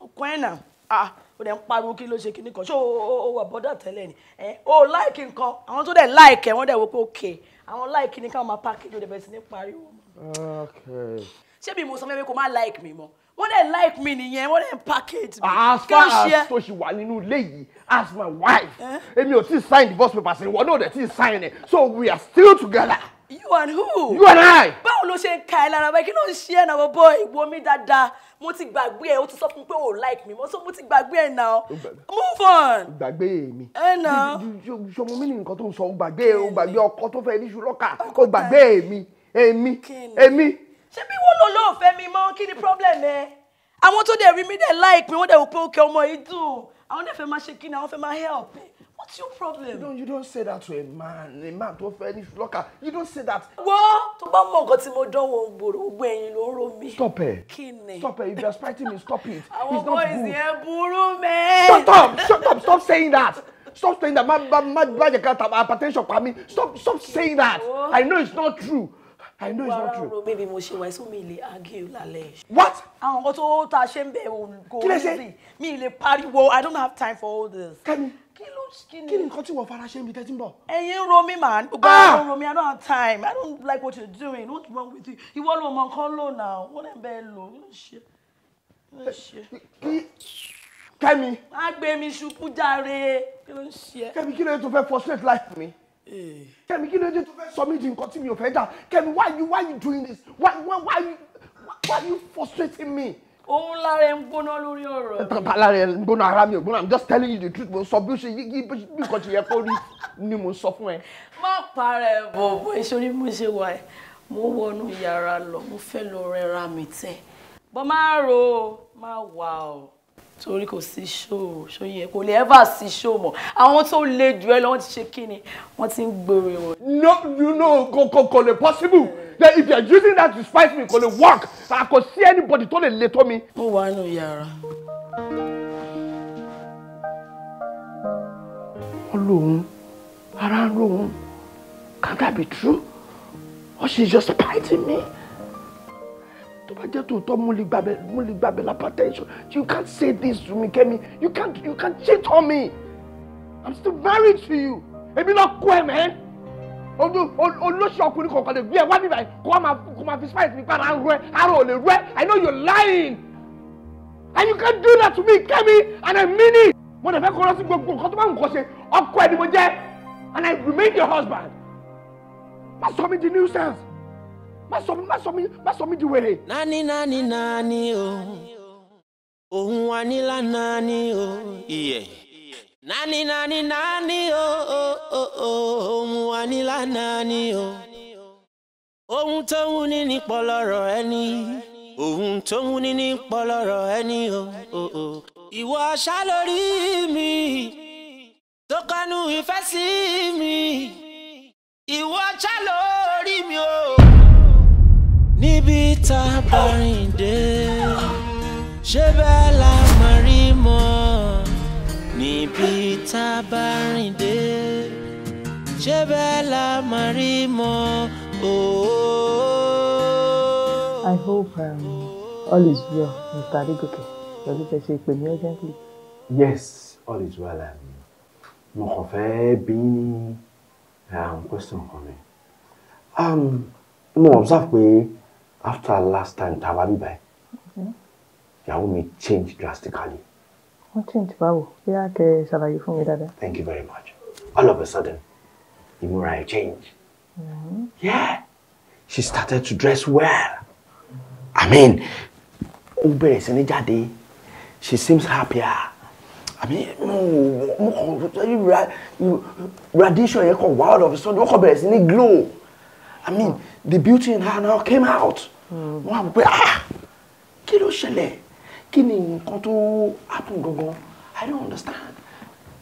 òkun mm, ẹ̀ náà. Ah, ó dẹ̀ ń pariwo kí ló ṣe kíní kan ṣé o wà bọ́dà tẹ́lẹ̀ ni o láìkì nǹkan àwọn tó dẹ̀ láìkì wọ́n dẹ̀ wò pé òkè àwọn láìkì ní káwọn máa pákéjì ó dẹ̀ bẹ̀rẹ̀ sí ní pariwo. ṣé mi mo sọ fẹ́ẹ́ pé kò má láìkì mi mọ́ wọ́n dẹ̀ like mi nìyẹn wọ́n dẹ̀ package mi. as far as tó ṣe wà nínú ilé yìí as my wife èmi ò tí ì sign divorce papers ìwọ náà ò dẹ̀ tí ì sign ẹ̀ so we are still together. you and who. you and I. báwo ló ṣe ń ka ẹ lára bẹ́ẹ̀ kí ló ń ṣe ẹ̀ náà bọ́ ìwo mi dáadáa mo ti gbàgbé ẹ o ti sọ fún pé o like me. mo sọ mo ti gbàgbé ẹ now move on. gbàgbé mi ṣọmọ mi ni nǹkan tó ń sọ o gbàgbé o gbàgbé ọkọ tó fẹ́ ní ṣùlọ́kà o gbàgbé mi èmi èmi. ṣé bí wọ́n lò lóòfẹ́ mi mọ́ kí ni problem ẹ àwọn tó dẹ̀ rí mi dẹ̀ like mi wọ́n dẹ̀ wò pé ó kẹ́ ọmọ yìí dùn àwọn dẹ̀ fẹ́ máa ṣe kí ni àwọn fẹ́ máa help ẹ What's your problem? You don't, you don't say that to a man. A man tó fẹ́ ní flọ́kà. You don't say that. Wọ́ tó bá mọ̀ nǹkan tí mo dánwò gbòòrò gbogbo ẹ̀yìn ló Stop it. Stop it. If you're spiting me, stop it. Àwọn not yẹn burú mẹ́. Shut up! Shut up! Stop saying that! Stop saying that. Ma ma ma bàjẹ́ ká tàbí potential for me? Stop stop saying that. I know it's not true. I know it's not true. Wàrà maybe mo ṣe wá ẹ̀sùn mi lè argue lálẹ́. What? Àwọn nǹkan tó ta ṣe ń bẹ̀ kò rí mi. Mi lè pariwo. I don't have time for all this. Kẹ́mi kí ni nǹkan tí wọ́n fara ṣe mi tẹ́tí ń bọ̀. ẹ̀yin ro mi gbogbo àwọn ro i don't have time i don't like what you're doing what's wrong with you ìwọ ló mọ nǹkan lò náà wọ́n lè bẹ́ẹ̀ lò ó ṣe ó ṣe. kẹ́mi. má gbé mi ṣubú jàre kí ló ń ṣe. kẹ́mi kí ló dé tó fẹ́ frustrate life mi. Eh. kẹ́mi kí ló dé tó fẹ́ sọ mí di nǹkan tí mi ò fẹ́ dà kẹ́mi why you why you doing this why why why you why you frustrating me òun lára ẹ ń gbóná lórí ọ̀rọ̀ ẹ. tàbá lára ẹ ń gbóná ara mi ò gbóná i'm just telling you the truth mo sọ bí ó ṣe yí bí nǹkan ti yẹ kó rí ni mo sọ fún ẹ. má parẹ́ bọ̀bọ̀ ìṣorí mo ṣe wà ẹ́ mo wọnú yàrá lọ mo fẹ́ lọ rẹra mi tẹ́ bọ́ máa ro máa wà o torí kò sí ṣóò ṣóyìn ẹ kò lè ever sí ṣóò mọ àwọn tó le jù ẹ lọ wọn ti ṣe kí ni wọn ti ń gbèrò wọn. no you know kò kò kò lè possible then if you are using that to spite me kò lè work I could see anybody tó lè le tó mi. mo wà nù around room. can that be true or she's just spiting me tó bá jẹ́ tòótọ́ mo lè gbàbẹ̀ mo lè gbàbẹ̀ hypertension you can't say this to me Kemi you can't you can't cheat on me I'm still married to you Maybe not queer, man olóṣù ọkùnrin kọ̀ọ̀kan lè gbé ẹ wá níbàyí kó máa fi spice mi padà rú ẹ ara ò lè rú ẹ I know you lying and you can do that to me Kemi and I mean it. mo dẹ̀ fẹ́ kọ́ lọ sí gbogbo nǹkan tó bá ń kọ́ ṣe ọkọ ẹ ni mo jẹ́ and I remain your husband. má sọ mi di nuisance má sọ mi má sọ mi má sọ mi di wèrè. nání nání nání o òun wa nílá nání o. iye. Yeah nani nani nani o oh, o oh, o oh, o ohun wa nílá nani o ohun tó ń ní ní pọlọrọ ẹni ohun tó ń ní ní pọlọrọ ẹni o o o ìwọ aṣá lórí mi tó kánú ìfẹ́ sí mi ìwọ aṣá lórí mi o níbi tá a bá rìn dé ṣé bẹ́ẹ̀ la. tá a bá rìn dé ṣé bẹ́ẹ̀ la máa rí mọ́ òó. I hope um, all is well Mr. Adegoke lọ́dún fẹ́ ṣe pè mí urgently. Yes, all is well. Um, Mo kàn fẹ́ bí ní um, question kan mi. Um, mo observe pé after last time tá a wá bíbá ẹ̀, ìyàwó mi change drastically change báwo bí a ṣàlàyé fún mi dáadáa. thank you very much all of a sudden ìmúra ẹ̀ change mm-hmm. yeah she started to dress well i mean ó bẹ̀rẹ̀ sí ní jáde she seems happier àbí mo kàn radiation yẹn kàn wá all of a sudden ó kàn bẹ̀rẹ̀ sí ní glow i mean the beauty in her now came out wọ́n á wọ pé ah kí ló ṣẹlẹ̀ kí ni nǹkan tó happen gangan i don't understand.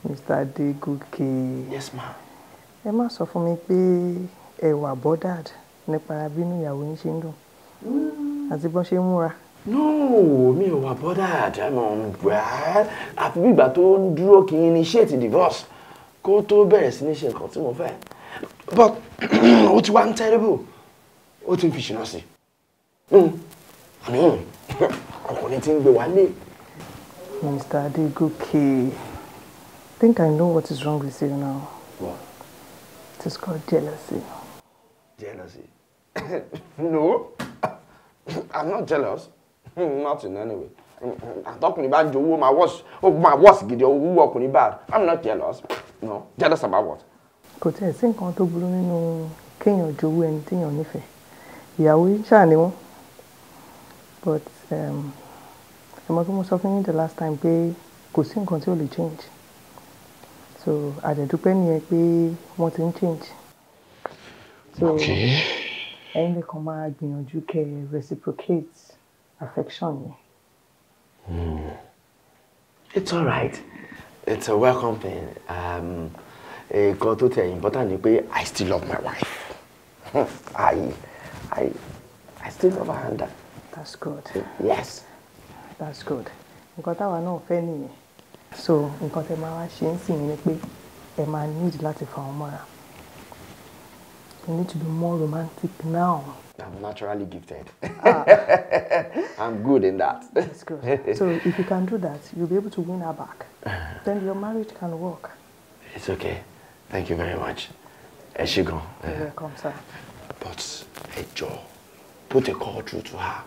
mr adegoke yes ma. ẹ má sọ fún mi pé ẹ wà bothered nípa bínú ìyàwó yín ṣe ń dùn hmm. àti bọ́n ṣe ń múra. no mi ò wà bothered àmọ́ àfi bí ìgbà tó ń dúró kí n initiate divorce kó tó bẹ̀rẹ̀ sí ní ṣe nǹkan tí mo fẹ́ but ó ti wá ń terrible ó ti ń fi ṣìnà sí i. Hmm. ọkùnrin tí ń gbé wá lé. Mr. Adegoke, I think I know what is wrong with you now. What? It is called jealousy. Jealousy? no, I'm not jealous. not in any way. Àtọkùnrin bá jowó máa my ó máa wọ́ọ̀sì gidi owó ọkùnrin bad. I'm not jealous. No, jealous about what? Kò tẹ̀ sí nǹkan tó burú nínú kéèyàn jowó ẹni téèyàn nífẹ̀ẹ́. Ìyàwó ṣáà ni wọ́n. But ẹ̀mọ́ tó mo sọ fún yín the last time pé kò sí nǹkan tí ò lè change so àjẹ̀dúpẹ́ nìyẹn pé wọ́n ti ń change so ẹ̀yin lè máa gbìyànjú kẹ́ reciprocate affection yẹn. Hmm. It's all right it's a welcome thing um, nǹkan tó tẹ̀ important ni pé I still love my wife I I I still love her and that that's good. yes. that's good. nǹkan táwa náà fẹ́ nìyẹn so nǹkan tẹ máa wá ṣe ń sìn ni pé ẹ máa need láti fa wọn you need to be more romantic now. I'm naturally gifted. Ah. I'm good in that. That's good. So if you can do that, you'll be able to win her back. Then your marriage can work. It's okay. Thank you very much. Eshigon. You're welcome, sir. But, hey, put a call through to her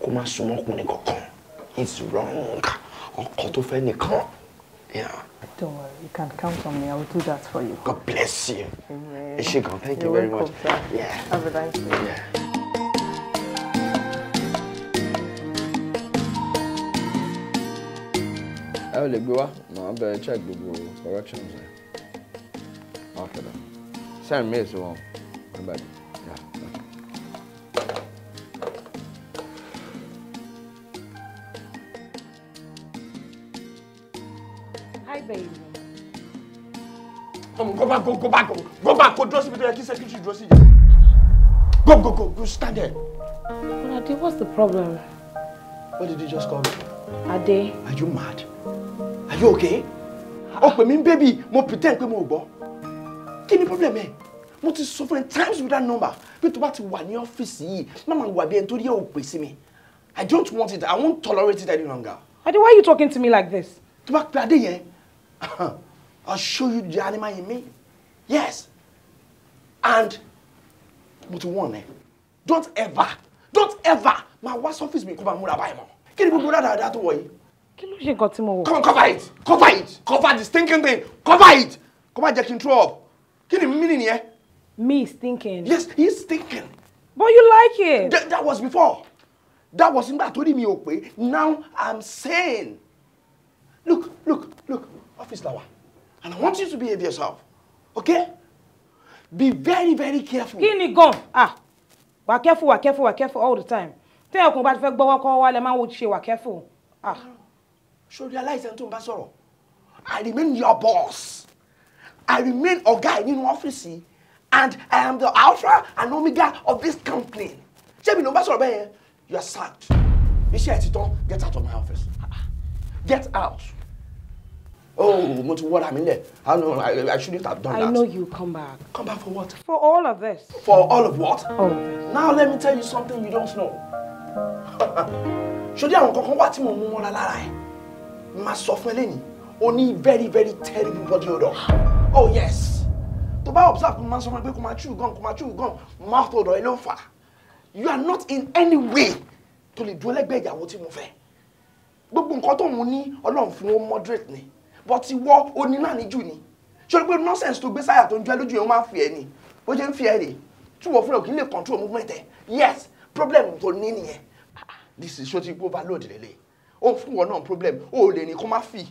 kó má súnmọ́ ọkùnrin kankan it's wrong ọkọ tó fẹ́ nìkan. Yeah. Don't worry, you can count on me. I will do that for you. God bless you. Amen. Ishigan, thank you very welcome, much. Sir. Yeah. Have a nice day. Yeah. ẹ lè gbé wá màá bẹ check gbogbo corrections ẹ máa fẹ́ lọ send me èso wọn ẹ bẹ̀ Come on, go back, go, go back, go, go back, go dress síbi tó yẹ kí secretary dúró Go, go, go, go, stand there. Well, Ade, what's the problem? What did you just call me? Ade. Are you mad? Are you okay? Ó pè mí baby, mo pretend pé mo ubo. gbọ́. Kí problem ẹ̀? Mo ti suffering times with that number pé to bá ti wà ní ọ́fíìsì yìí, má máa wà bí ẹni tó rí ẹ̀ I don't want it. I won't tolerate it any longer. Ade, why are you talking to me like this? To bá pe Adé I'll show you the animal in me. Yes. And but one eh? Don't ever, don't ever My wá office mi kó máa múra by mọ́. Can you gbogbo that that way? yìí? Kí ló ṣe Come on, cover it, cover it, cover the stinking thing, cover it. Kó má jẹ́ kí n throw up. Kí ni mímí nìyẹn? Me stinking. Yes, he's stinking. But you like it. Th that was before. That was nígbà that told me okay. Now I'm saying. Look, look, look office lawa and I want you to behave yourself okay be very very careful. kí ni gan ah wà careful wà careful wà careful all the time tẹ́yìn ọkùnrin bá ti fẹ́ gbọ́wọ́ kọ́ wá lẹ́ máa ń ṣe careful ah. sori aláìsàn tó ń I remain your boss I remain ọ̀gá in your office, and I am the alpha and omega of this company ṣé mi ló ń you are sacked You see, ti tán get out of my office get out oh what ti wọ́ra mi I know I, I shouldn't have done I that. I know you come back. Come back for what? For all of this. For all of what? All of this. Now let me tell you something you don't know. Ṣòdí àwọn kankan wà tí mo mú wọn lára ẹ̀. Màá sọ fún very very terrible body odor. Oh yes. To bá observe mo máa sọ fún ẹ pé kò máa chew gan mouth odor ẹ ló fà. You are not in any way to lè dúró lẹ́gbẹ̀ẹ́ ìyàwó tí mo fẹ́. Gbogbo nǹkan tó ń ní Ọlọ́run fún ó moderate ni bọ́tí wọ́ oní náà níjù ni ṣọlá pé nọ́sẹ̀nsì tó gbé sáyà tó ń jẹ́ lójú yẹn wọ́n máa fi ẹ̀ ni bó ṣe ń fi ẹ̀ rè túwọ̀ fúnra òkè lè control movement ẹ̀ yes problem tó ní nìyẹn this is ṣó ti gbó overload lélẹ̀ ó fún wọn náà problem ó lè ní kó má fi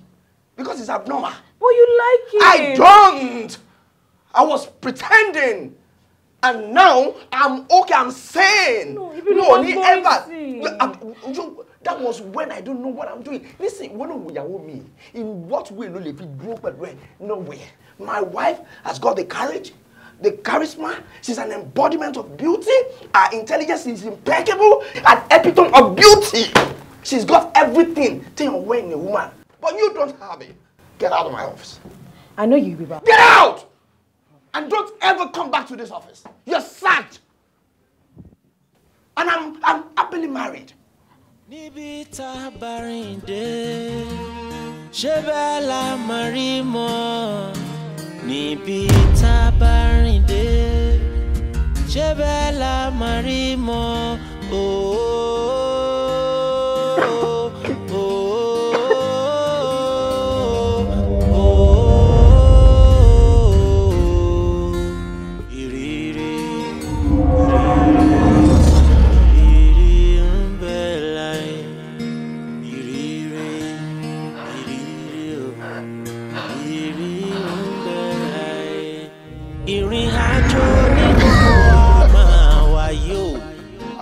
because it's abnormal. but you like it. I don't I was pretending and now I'm okay I'm sane. no ibi ló wá gbọ́ ìsìn that was when i don't know what i'm doing listen wọn will wòyàwó mi in what way ló lè fi dúró pẹ̀lú ẹ̀ nowhere my wife has got the courage the charisma she's an embodiment of beauty her intelligence is impeccable an epitome of beauty she's got everything thing of in a woman but you don't have it get out of my office. i know you be back. get out and don't ever come back to this office you're sacked and i'm i'm happily married níbi tá a bá rìn dé ṣé bẹ́ẹ̀ la máa rí mọ́ níbi tá a bá rìn dé ṣé bẹ́ẹ̀ la máa rí mọ́ òó. Oh, oh, oh.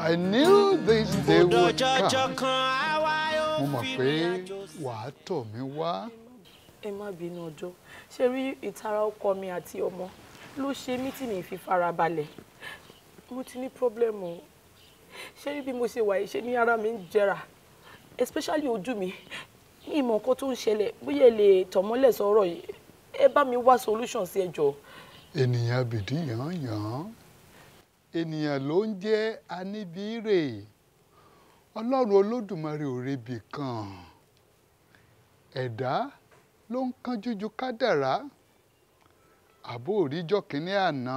I knew this day would come. Mo mọ̀ pé wàá tọ̀ mí wá. Ẹ má bínú ọjọ́, ṣe rí ìtara ọkọ mi àti ọmọ ló ṣe mí tí mi fi fara balẹ̀. Mo ti ní pírọ́blẹ́mù o. Ṣé rí bí mo ṣe wà yìí ṣe ní ara mi ń jẹrà? Especially ojú mi. Ní ìmọ̀ nǹkan tó ń ṣẹlẹ̀, bóyá ẹ lè tọ̀mọ́lẹ̀ sọ̀rọ̀ yìí. Ẹ bá mi wá solution sí ẹjọ́. Ènìyàn bìdí yàn-yàn ènìyàn ló ń jẹ́ aníbíire ọlọ́run olódùmarè ò rebì kan ẹ̀dá ló ń kánjú ju kádàrá àbó òríjọ́ kínní àná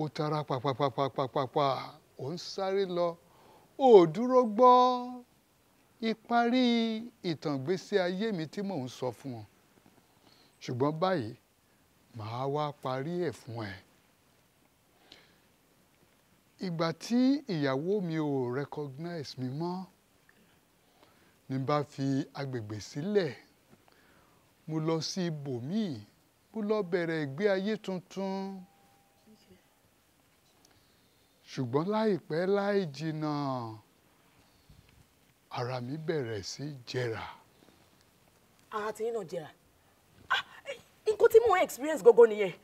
ó tara pàpàpàpàpàpà ó ń sáré lọ ó dúró gbọ́ ìparí ìtàngbésí ayé mi tí mò ń sọ fún ọ ṣùgbọ́n báyìí màá wá parí ẹ̀ fún ẹ ìgbà tí ìyàwó mi ò recognize mi mọ́ ní bá fi agbègbè sílẹ̀ mo lọ sí ibòmíì mo lọ bẹ̀rẹ̀ ìgbé ayé tuntun ṣùgbọ́n láìpẹ́ láì jìnnà ara mi bẹ̀rẹ̀ sí jẹrà. ara tí yín náà jẹrà ah, nǹkan tí mo experience gbogbo nìyẹn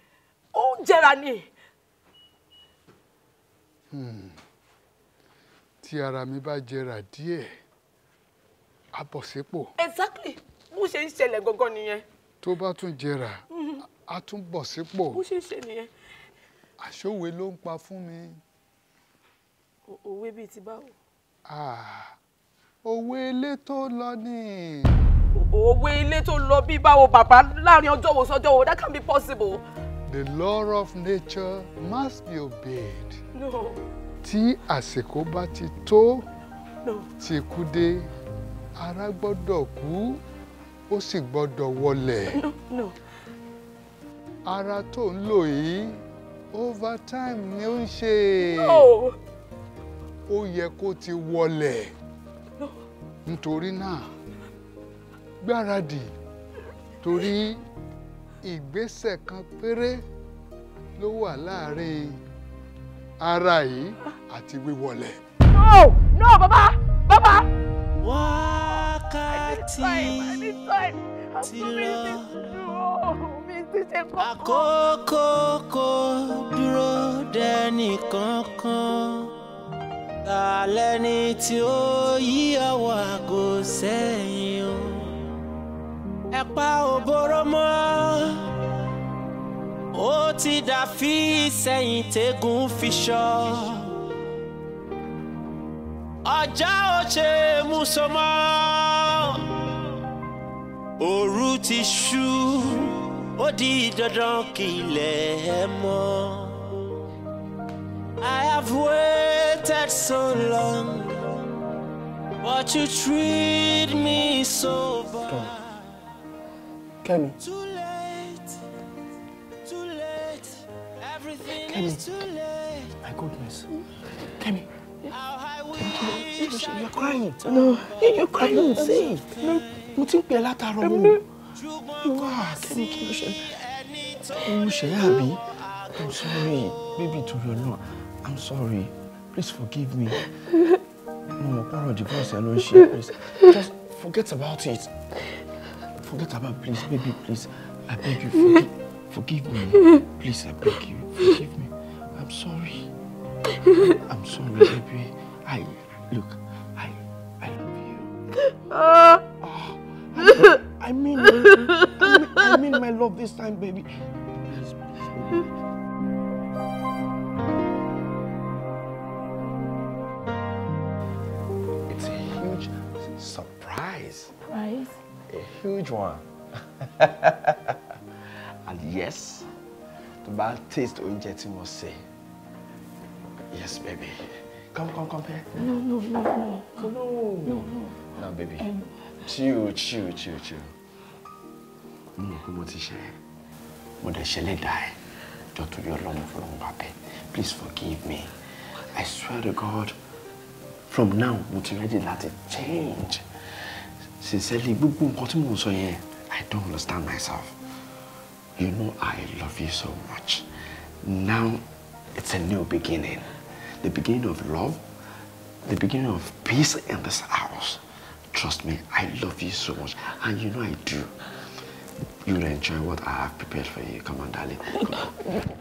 ó ń jẹrà ni. Hmm. tí ara mi bá jẹrà díẹ̀ á bọ̀ sípò. exactly bó ṣe ń ṣẹlẹ̀ gangan nìyẹn. tó bá tún jẹrà á hmm. tún bọ̀ sípò. bó ṣe ń ṣe nìyẹn. àṣòwe ló ń pa fún mi. òwe bíi ti báwo. òwe ilé tó lọ ni. òwe ilé tó lọ bí báwo bàbá láàrin ọjọ́ wo sọ́jọ́ wo that can be possible. The law of nature must be obeyed tí àsìkò bá ti tó tí ikú dé ara gbọ́dọ̀ kú ó sì gbọ́dọ̀ wọlẹ̀ ara tó ń lò yìí overtime ni ó ń ṣe ó yẹ kó ti wọlẹ̀ nítorí náà gbáradì torí ìgbésẹ̀ kan péré ló wà láàrin ara yìí àti wíwọlé. no no bàbá bàbá. wákàtí ti lọ àkókò kò dúró dẹ́nì kankan ta tí ó yí ọwọ́ àgọ́ sẹ́yìn o ẹ̀pà ò borọ́ mọ́ ó ti dà fi sẹ́yìn tẹ́gùn fi ṣọ́ ọjà ó ṣe mú so mọ́ òru ti ṣú ó di dandan kí ilẹ̀ ẹ mọ́. I have waited so long, but you treat me so bad. Kẹ́mi. Kemi. My goodness. Mm. Kemi. You're crying. No. Yeah, you're crying. See. No. Mo ti ń pè látàárọ̀ mi. Wá Kemi kí ló ṣẹlẹ̀? Mo I'm sorry. Baby your ọ̀nà. I'm sorry. Please forgive me. Mo mọ̀ pé ọ̀rọ̀ divorce ẹ Please just forget about it. Forget about it please baby please. I beg you forgive me. Forgive me. Please, I beg you. Forgive me. I'm sorry. I'm sorry, baby. I look. I I love you. Oh, I, mean, I mean, I mean, I mean my love this time, baby. Please, please, baby. It's a huge surprise. Surprise? A huge one. and yes tó bad taste oúnjẹ tí mo sè yes baby come come come here. no no no oh, no no no no baby um, chill chill chill chill mo mọ̀ pé mo ti ṣe mo dẹ̀ ṣe lè dá ẹ jọ torí ọlọ́run fọlọ́run bá bẹ please forgive me i swear to god from now mo ti ready láti change sincerely gbogbo nǹkan tí mo sọ yẹn i don't understand myself. You know I love you so much. Now it's a new beginning. The beginning of love, the beginning of peace in this house. Trust me, I love you so much. And you know I do. You'll enjoy what I have prepared for you. Come on, darling. Come on.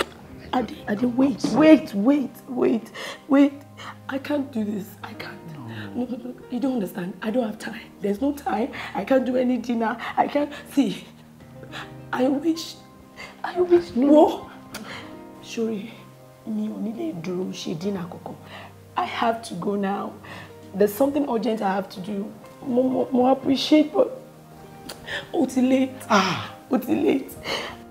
Adi, Adi, wait, wait, wait, wait, wait. I can't do this. I can't. No, no, no. You don't understand. I don't have time. There's no time. I can't do any dinner. I can't. See, I wish ayọ̀ bí wo Sorry, mi ò ní lè dúró ṣe dinner kankan i have to go now there's something urgent i have to do mo mo mo appreciate but o ti late ah o ti late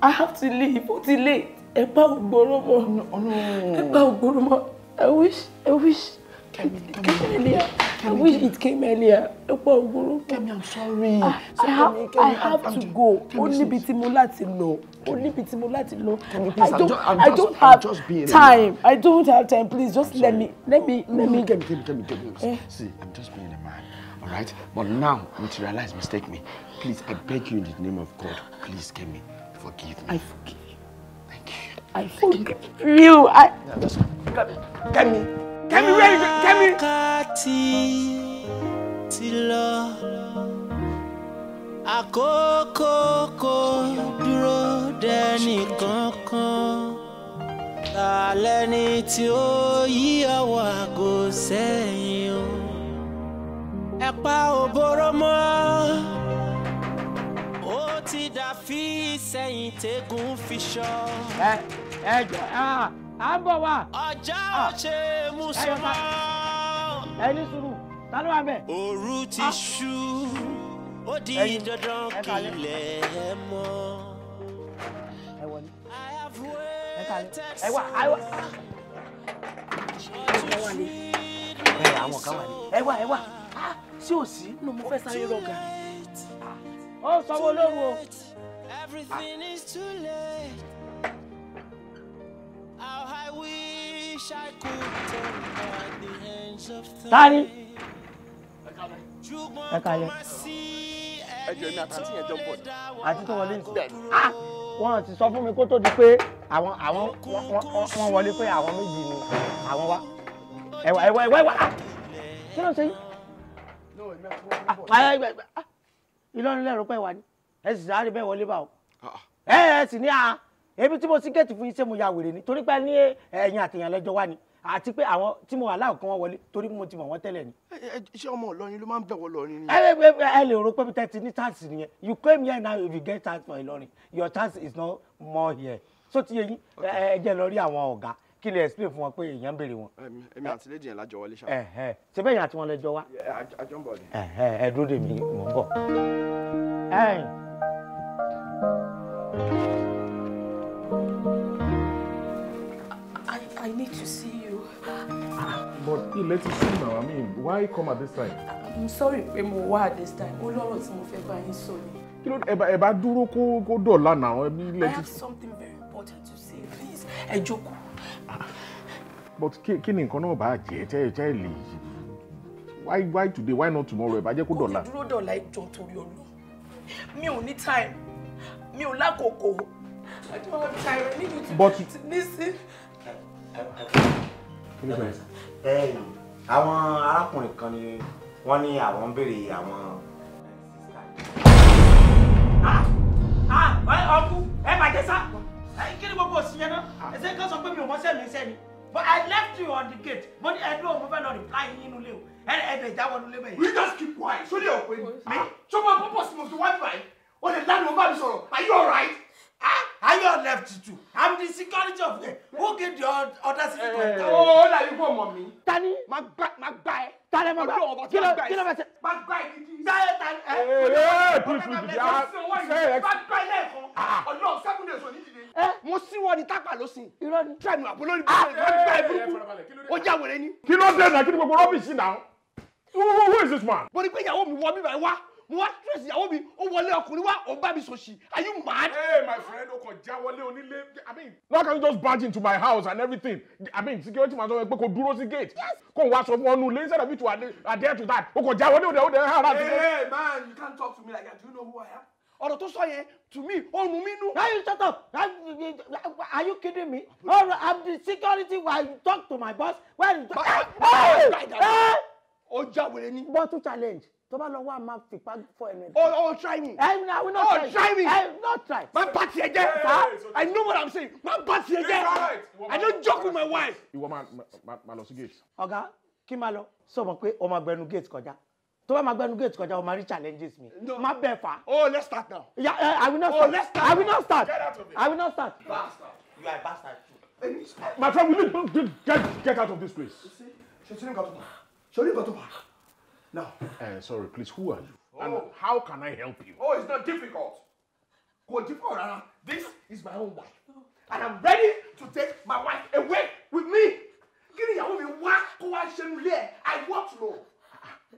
i have to leave o ti late ẹ bá ògbóró mọ oh, ẹ bá ògbóró mọ i wish i wish kẹmí kẹmí. Can I wish it came earlier. Kemi, I'm sorry. I, ah, so, I, ha Kemi, I have to go. Only biti tí mo láti lọ. Ó níbi tí mo láti lọ. please, I don't, just, I don't have just being time. I don't have time. Please, just let me, let me, let me. Kemi, Kemi, Kemi, Kemi. Eh? See, I'm just being a man. All right? But now, materialize mistake me. Please, I beg you in the name of God. Please, Kemi, forgive me. I forgive you. Thank you. I forgive you. I. Yeah, that's Kemi. Kemi. Kẹ́mi where is wákàtí ti lọ àkókò kò dúró dẹ́ni kankan ta lẹ́ni tí ó yí ọwọ́ àgọ́ sẹ́yìn o ẹ̀pà òbóró mọ́ ó ti dà fi sẹ́yìn tẹ́gùn fi ṣọ́. ẹ ẹ jọ ẹ. Ah à ń bọ̀ wá. ọjà ò ṣe é mú sọmọ. ẹni sùúrù ta ló wà bẹ́ẹ̀. òru ti ṣú ó di dandan kílẹ̀ ẹ mọ́. ẹ wọlé ẹ kàlẹ́ ẹ wà ẹ wà ẹ wà ní ẹ àwọn kan wà ní ẹ wà ẹ wà sí ò sí nù mo fẹ́ sáré rọgà. ó sanwó lóru o. everything is too late tani ẹ kalẹ. ẹjọ mi àtàntì yẹn jọ ń bọ̀. àti tó wọlé nǹkan ah! wọn ti sọ fún mi kó tó di pé àwọn àwọn wọn wọlé pé àwọn méjì ni àwọn wá ẹwà ẹwà ẹwà ẹwà ah! kí ló ń ṣe yìí. Ah! Ìlọrin lẹ́rù pẹ́ wà ní ẹ sì sáré bẹ́ẹ̀ wọlé bá o ẹ ẹ sì ní a ebi tí mo ti gẹ̀ẹ́tì fún yín ṣé mo ya wèrè ni torí pé ní eh, ẹ̀yìn àtẹ̀yàn lẹ́jọ́ wá ni àti pé àwọn tí mo wà láàkó wọn wọlé torí mo ti mọ̀ wọ́n tẹ́lẹ̀ ni. ṣé ọmọ Ìlọrin ló máa ń bẹ̀wọ̀ Ìlọrin ni. ẹ ẹ ẹ lè ro pé mi tẹ́tí ní tax nìyẹn you came here now if you get tax for Ìlọrin your tax is not more here so ti yẹ ẹ jẹ́ lọ rí àwọn ọ̀gá kí lè explain fún wọn pé èèyàn ń béèrè wọn. èmi àti lady yẹn lájọ wọlé ṣá. ṣe bẹ́ẹ̀ yẹn àti wọn lè wá. àjọ ń bọ̀ ni. ẹ dúró I, I need to see you. But let me see now. I mean, why come at this time? I'm sorry pé mo wá at this time. Ó lọ́rọ̀ tí mo fẹ́ bá yín sọ ni. Kí ló ẹ bá ẹ I have something very important to say please. Ejoku. But kini kono ba náà bá jẹ́ Why why today why not tomorrow ẹ bá jẹ́ kó dọ̀la? Ó ti dúró dọ̀la ìjọ torí olú. Mi ò ní time. Mi ò lákòókò but àwọn arákùnrin kan ni wọ́n ní àwọn ń béèrè àwọn. ọkú ẹ bàjẹ́ sá kí ni gbogbo òsì yẹn náà ẹ ṣe kí wọ́n sọ pé mi ò mọ sẹ́mi sẹ́ni but I left you on the gate mo ní ẹdún òun fẹ́ lọ reply yín inú ilé o ẹni ẹ̀dẹ̀ ìjáwọ́ inú ilé bẹ́ẹ̀. we just keep quiet sórí ọ̀pẹ mi sọ́kọ́ pọ́pọ́sì mo fi wá bí báyìí o lè lánàá bá mi sọ̀rọ̀ are you alright? Ah? Are you ayọ left too i'm the security of them who give the other six point. ó là yín kò mọ̀ mí. tani ma gba ma gba ẹ. tani ma gba ẹ kí ló kí ló bẹ ṣe. hey, hey, ẹ gidi. sáyẹ tani. ẹ eh, eh, ẹ bí fi jìjà ṣe ẹ. ma gba ẹ lẹ́ẹ̀kan ọlọ́run sẹ́kùn lè sọ ní ìdílé. ẹ mo sí wọn ní tápà ló sìn. irọ́ ni. tíwájú àbúrò ní bọ́ọ̀lù ma gba ẹ burúkú ó já wèrè ni. kí ló dé náà kí ni gbogbo rọ́bìsì náà who who is this man. bori pé ìyàwó mi wọ mi bá wá mo wá stress ìyàwó mi ó wọlé ọkùnrin wá ó bá mi sòṣì are you mad. hey my friend o kàn já wọlé onílé i mean. now can you just barge into my house and everything i mean security man sọ pé kò dúró sí gate. yes kò wá sọ fún ọ nù lé instead of you to adhere to that o kàn já wọlé òde òde hàrà. hey man you can't talk to me like that do you know who i am ọ̀rọ̀ tó sọ yẹn to me ọ̀run mi nú. now you shut up are you kidding me ọ̀rọ̀ i'm the security while you talk to my boss when you talk. ó jáwèrè ni. bottle challenge tó bá lọ wá máa fipá fọ ẹnu ẹ. oh oh try me. ẹ na we no oh, try. oh try me. ẹ no try. máa bá tiẹ̀ jẹ́ sa i know what i'm saying máa bá tiẹ̀ jẹ́ i no joke with my wife. ìwọ máa lọ sí gate. ọ̀gá kí máa lọ sọ ma pé o máa gbẹnu gate kọjá tó bá máa gbẹnu gate kọjá o máa rí challenges mi. no má bẹ́ẹ̀ fà. oh let's start now. ya ẹ eh, i will not oh, start. oh let's start. i will not start. get out of it. i will not start. bastard you are a bastard. my friend we need to get get out of this place. ṣe ṣe ní nǹkan tó bá ṣe ní nǹkan tó bá. No. uh, sorry, please, who are you? Oh. And how can I help you? Oh, it's not difficult. Go difficult, Anna. This is my own wife. And I'm ready to take my wife away with me. Give ni ìyàwó mi wá kó wá I want to know.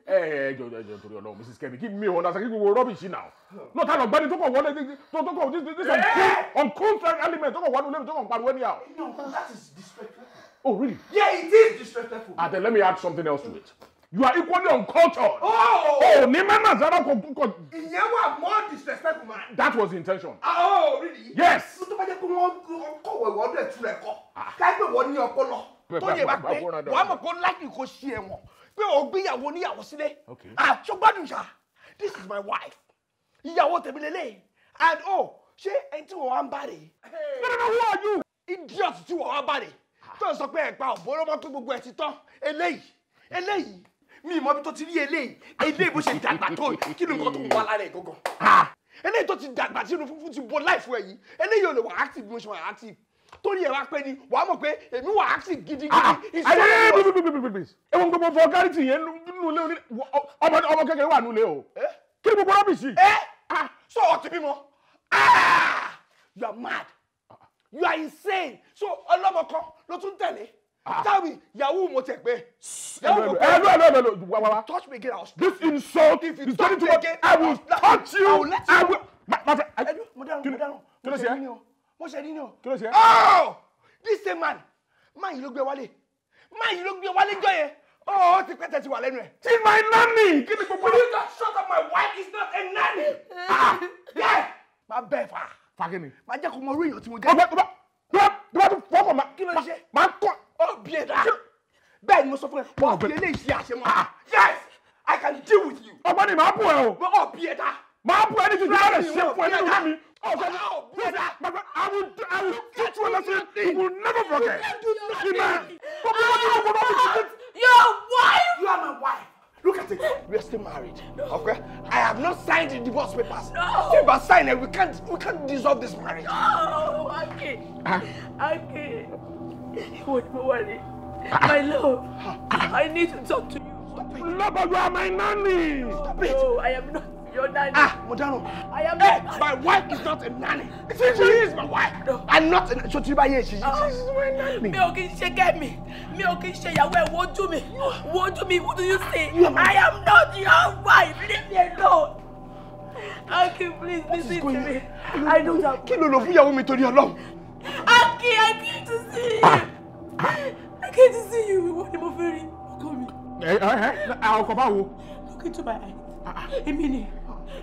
Hey, eh, eh, hey, jọ jọ jọ torí Ọlọ́run Mrs. Kemi give me one give gbogbo rubbish now. Náà ta lọ gbani tó kàn wọlé tó tó kàn this this unconfirmed element tó kàn wọlé mi tó kàn pariwo anyhow. No, that is disrespectful. Oh really? Yeah, it is disrespectful. And ah, then let me add something else to it you are equally uncultured. Oh, oh ní mẹ́mà sábà kò kò. ìyẹn wà more disrespectful man. that was the intention. Ah, oh really. yes. tó tó bá jẹ́ pé wọ́n kọ̀wé wọ́n dẹ̀ tu ẹ̀kọ́ ah. káyọ̀ wọ́n ní ọpọlọ tó yẹ bá pé wàá mọ̀ kó láyé kó ṣí ẹ̀wọ̀n pé o gbéyàwó níyàwó sílé àṣọgbádùn ṣá this is my wife ìyàwó tèmi lélẹ̀ and oh ṣé ẹni tí wọ́n wá ń bá rè é. bẹ́ẹ̀ ni who are you. idiot tí wọ́n wá bá rè é ah. tó ń sọ pé ẹ̀pá òbóró mọ́ pé gbogbo ẹ̀ mi mọ bí tó ti rí eléyìí eléyìí bó ṣe dàgbà tó kí ni nǹkan tó ń wá lára ẹ̀ gangan. eléyìí tó ti dàgbà tí irun funfun ti bo láìfọ ẹ̀yìn eléyìí ò lè wà active bí mo ṣe wà active torí ẹ̀ wá pé ni wà á mọ̀ pé èmi wà active gidigidi. ayé ewu gbogbo vulgarity yẹn nulẹ̀ oní ọmọ kékeré wà nulẹ̀ o kí ni gbogbo rọ́bìsì. ẹ sọ ọtí bímọ you are mad you are insane so ọlọ́mọ kan ló tún tẹ̀lé tàbí yahoo mo tẹ̀ pé. Touch me again, I'll strike This insult if you is me again, I will touch you. I will let you. I will. My, my friend. I, mo dáràn, mo dáràn. Kí ló ṣe é? Mo ṣe nínú. Kí ló ṣe é? Oh! This same man. Man yìí ló gbé wálé. Man yìí ló gbé wálé jọ yẹn. Oh, ó ti pẹ́ tẹ̀ ti wà lẹ́nu ẹ̀. She's my nanny. Kí ni gbogbo. Will you just shut up? My wife is not a nanny. Ah! Yes! Má bẹ́ẹ̀ fà. Fà kí ni? Má jẹ́ kó mọ orí èèyàn tí mo jẹ́. Ọgbẹ́ ọgbẹ́ ọgbẹ́ tó fọ́ọ̀mù ma. Kí ló ṣe? Má kọ́. Ó bí ẹ̀dá. Kí bẹ́ẹ̀ ni mo sọ fún ẹ wà á fi eléyìí ṣe àṣemọ. Ah! yes i can deal with you. ọgbẹ́ni màá bù ẹ o. mo ọ̀ bí ẹ ta. màá bù ẹ ní títí lọ́rẹ̀ ṣe fún ẹ nínú mi. i will i will teach you a lesson you will never forget. ìmọ̀ gbogbo wọn wife. you are my wife. Look at it. We are still married. Okay? I have not signed the divorce papers. No. sign it, we can't we can't dissolve this marriage. okay. Huh? Ah. Okay. What, what, what? My love, I need to talk to you. Stop it. Love, you are my nanny. Stop it. No, I am not your nanny. Ah, Modano. I am hey, not. My wife is not a nanny. She is my wife. No. I'm not a nanny. So, ah, she's my nanny. Me, okay, kì í me. Me, okay, Mi ò kì What ṣe me? What wojú me? what do you say? You I am not your wife. Leave me alone. Aki, please listen to me. I don't have. Kí ló lò fún ìyàwó mi torí long. Aki, I need to see you. Ah, ah can't see you ìwọ ni mo fẹ́ Come ọkọ mi. ẹ ẹ ọkọ báwo. look into my eyes èmi ni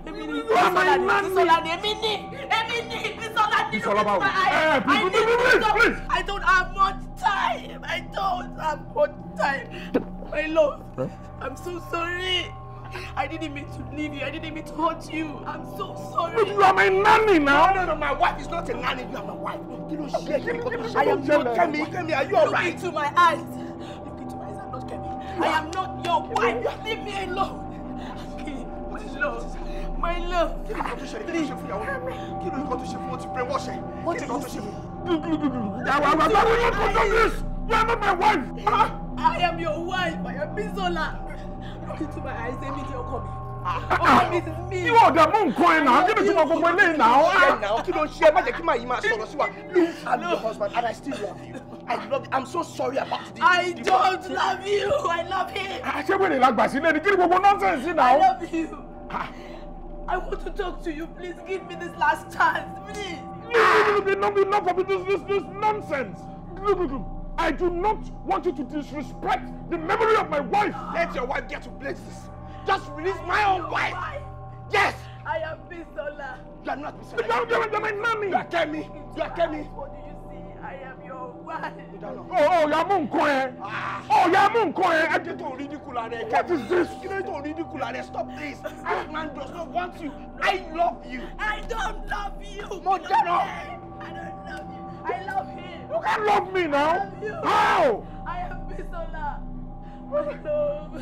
èmi ni bisola ni bisola ni èmi ni èmi ni bisola ni bisola báwo. ẹ eh, please please please please. I don't have much time I don't have much time my love I'm so sorry. I didn't mean to leave you. I didn't mean to hurt you. I'm so sorry. But you are my nanny now. No, no, no. My wife is not a nanny. You are my wife. You don't share. I am not Kemi. Kemi, are you alright? Look right? into my eyes. Look into my eyes. I'm not Kemi. I am not your wife. Leave me alone. My love, my love. Kí ni nǹkan to ṣẹlẹ̀? for ni ṣe fún ìyàwó mi? Kí ni nǹkan tó ṣe fún ọtí brainwash ẹ̀? Kí ni nǹkan tó ṣe fún? Yàrá àgbà tó ń lọ fún Douglas. You are not my wife. I am your wife. I am Bisola look into my eyes èmi ni ọkọ mi ọkọ mi mi. ìwọ ọ̀dà mú nǹkan ẹ̀ náà níbi tí mo gbogbo eléyìí náà. náà kí ló ṣe ẹ má jẹ́ kí màá yí máa sọ̀rọ̀ sí wa look i'm your husband and i still love you i love you i'm so sorry about this. i don't love you i love him. àṣewèrè la gbà sílẹ̀ ni kí ni gbogbo nọ́ọ̀sẹ̀nsì náà. i love you. I want to talk to you. Please give me this last chance. Please. No, no, no, no, no, no, no, no, no, no, no, no, no, no, no, nonsense. I do not want you to disrespect the memory of my wife. Let your wife get to places. Just release my own wife. wife. Yes. I am Bisola. You are not Bisola. You are, you are, you are my mommy. You are Kemi. You are Kemi. What do you see? I am your wife. Oh, oh, you are Munkoe. Ah. Oh, you are Munkoe. I did not ridicule her. What is this? You need to ridicule her. Stop this. This man does not want you. I love you. I don't love you. No, no. I love him. You can't love me now. I love you. How? I am Bisola. I love. Go.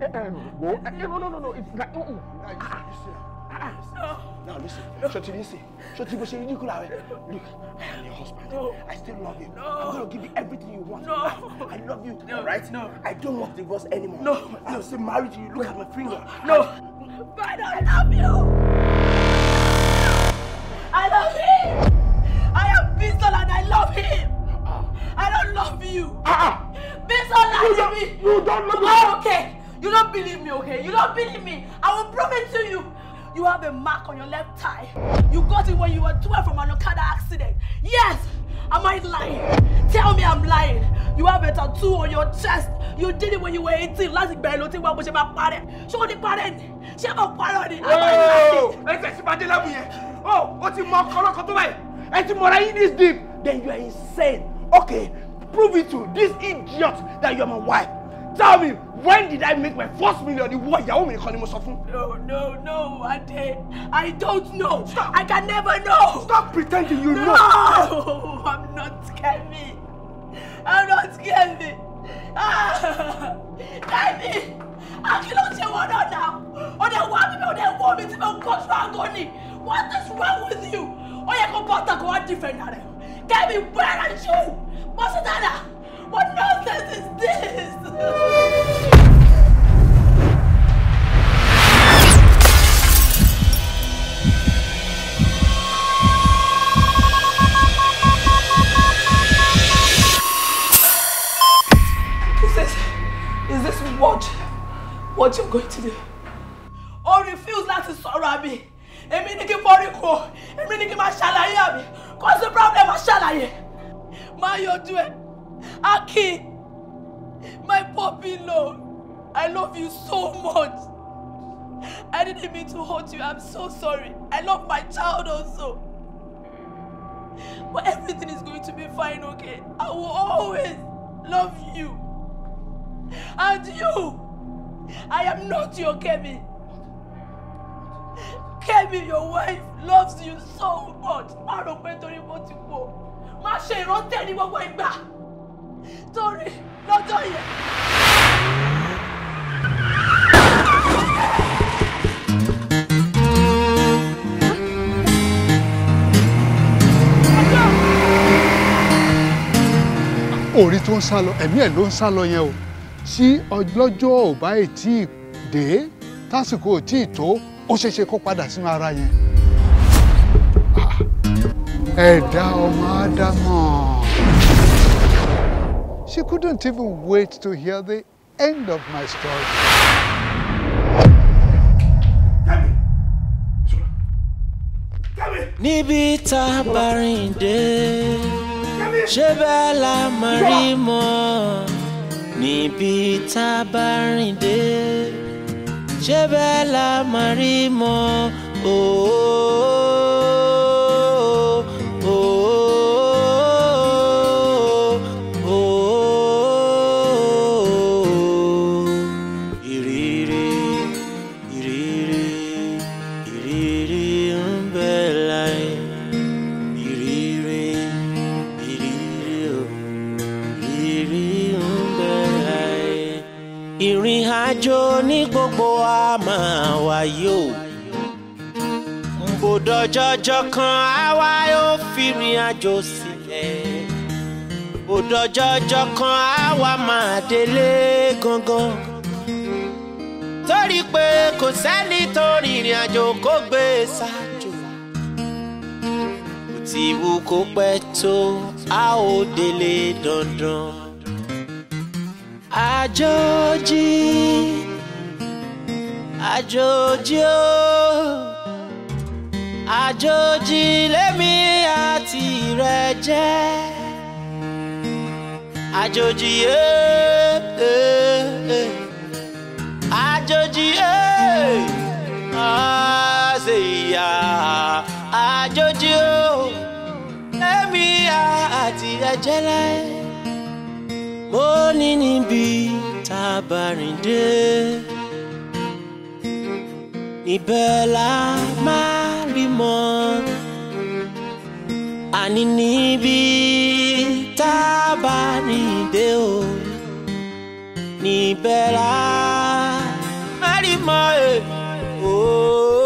Eh, eh, eh, no, no, no, no. It's like. Uh-uh. No. Now listen. Shorty, listen. Shorty, but she's ridiculous. Look, I am your husband. No. I still love you. No. I'm to give you everything you want. No. I, I love you. No. Right? No. I don't want divorce anymore. No. I'm no. still married to you. Look at my finger. No. But I love you. It's all you don't, me. You don't know. Oh, okay. You don't believe me, okay? You don't believe me. I will prove it to you. You have a mark on your left thigh. You got it when you were 12 from an Okada accident. Yes! Am I lying? Tell me I'm lying. You have a tattoo on your chest. You did it when you were 18. Last bẹ̀rẹ̀ ló ti wá bó ṣe máa parẹ́. Ṣé o ní parẹ́ ni? Ṣé mo parọ́ ni? Am I lying? Ẹ tẹ̀sí máa dé lábù yẹn. Oh, o ò ti mọ ọkọ on tó báyìí. Ẹ ti mọ̀ra this deep. Then you are insane. Okay, prove it to this idiot that you are my wife tell me when did I make my first million ìwọ ìyàwó mi nìkan ni mo sọ no no no Ade I don't know stop. I can never know. stop pretending you no. know. no I'm not Kemi I'm not Kemi ah Kemi. Akilo ṣe wọ́n náà dà ó dẹ̀ wá mi ó dẹ̀ wọ́ mi tí mo kọ́ sí what is wrong with you? Ó yẹ kó bọ́ta kó different dìfẹ̀ndà rẹ̀ Kẹ́mi where are you? Masudana, what nonsense is this? Is this, is this what, what you're going to do? Or refuse that sọ̀rọ̀ àbí? Èmi ni kí n forí kò, èmi ni kí n máa ṣàlàyé àbí? problem, máa ṣàlàyé má yọjú ẹ Akin my puppy love I love you so much I didn't mean to hurt you I'm so sorry I love my child also but everything is going to be fine okay I will always love you and you I am not your Kemi. Kemi, your wife, loves you so much. Má rò pé torí mo ti kú má ṣe ìrántẹ́ ní gbogbo ìgbà torí lọ́jọ́ yẹn. orí tó ń sá lọ ẹ̀mí ẹ̀ ló ń sá lọ yẹn o tí ọlọ́jọ́ ò bá tí ì dé tásìkò ò tí ì tó ó ṣeéṣe kó padà sínú ara yẹn ẹ̀dá ọmọ She couldn't even wait to hear the end of my story. níbi tá a bá rìn dé ṣé bẹ́ẹ̀ la máa rí náà wáyé o bòdọjọjọ kan àwa yóò fi rìn àjò sílẹ̀ bòdọjọjọ kan àwa máa délé gangan torí pé kò sẹ́ni tó rìnrìn àjò kó gbé e ṣáájú kò tí wù kó pẹ́ tó a ó délé dandan àjòjì àjòjì o àjòjì lèmi àti rẹ jẹ́ àjòjì yé e, e, e. àjòjì yé àṣẹ ìyá àjòjì o lèmi àti rẹ jẹ́ láyé mo ní níbi tá a bá rìn dé. Ni bela rí mọ́ àní níbi tá a ní bela o níbẹ̀ máa rí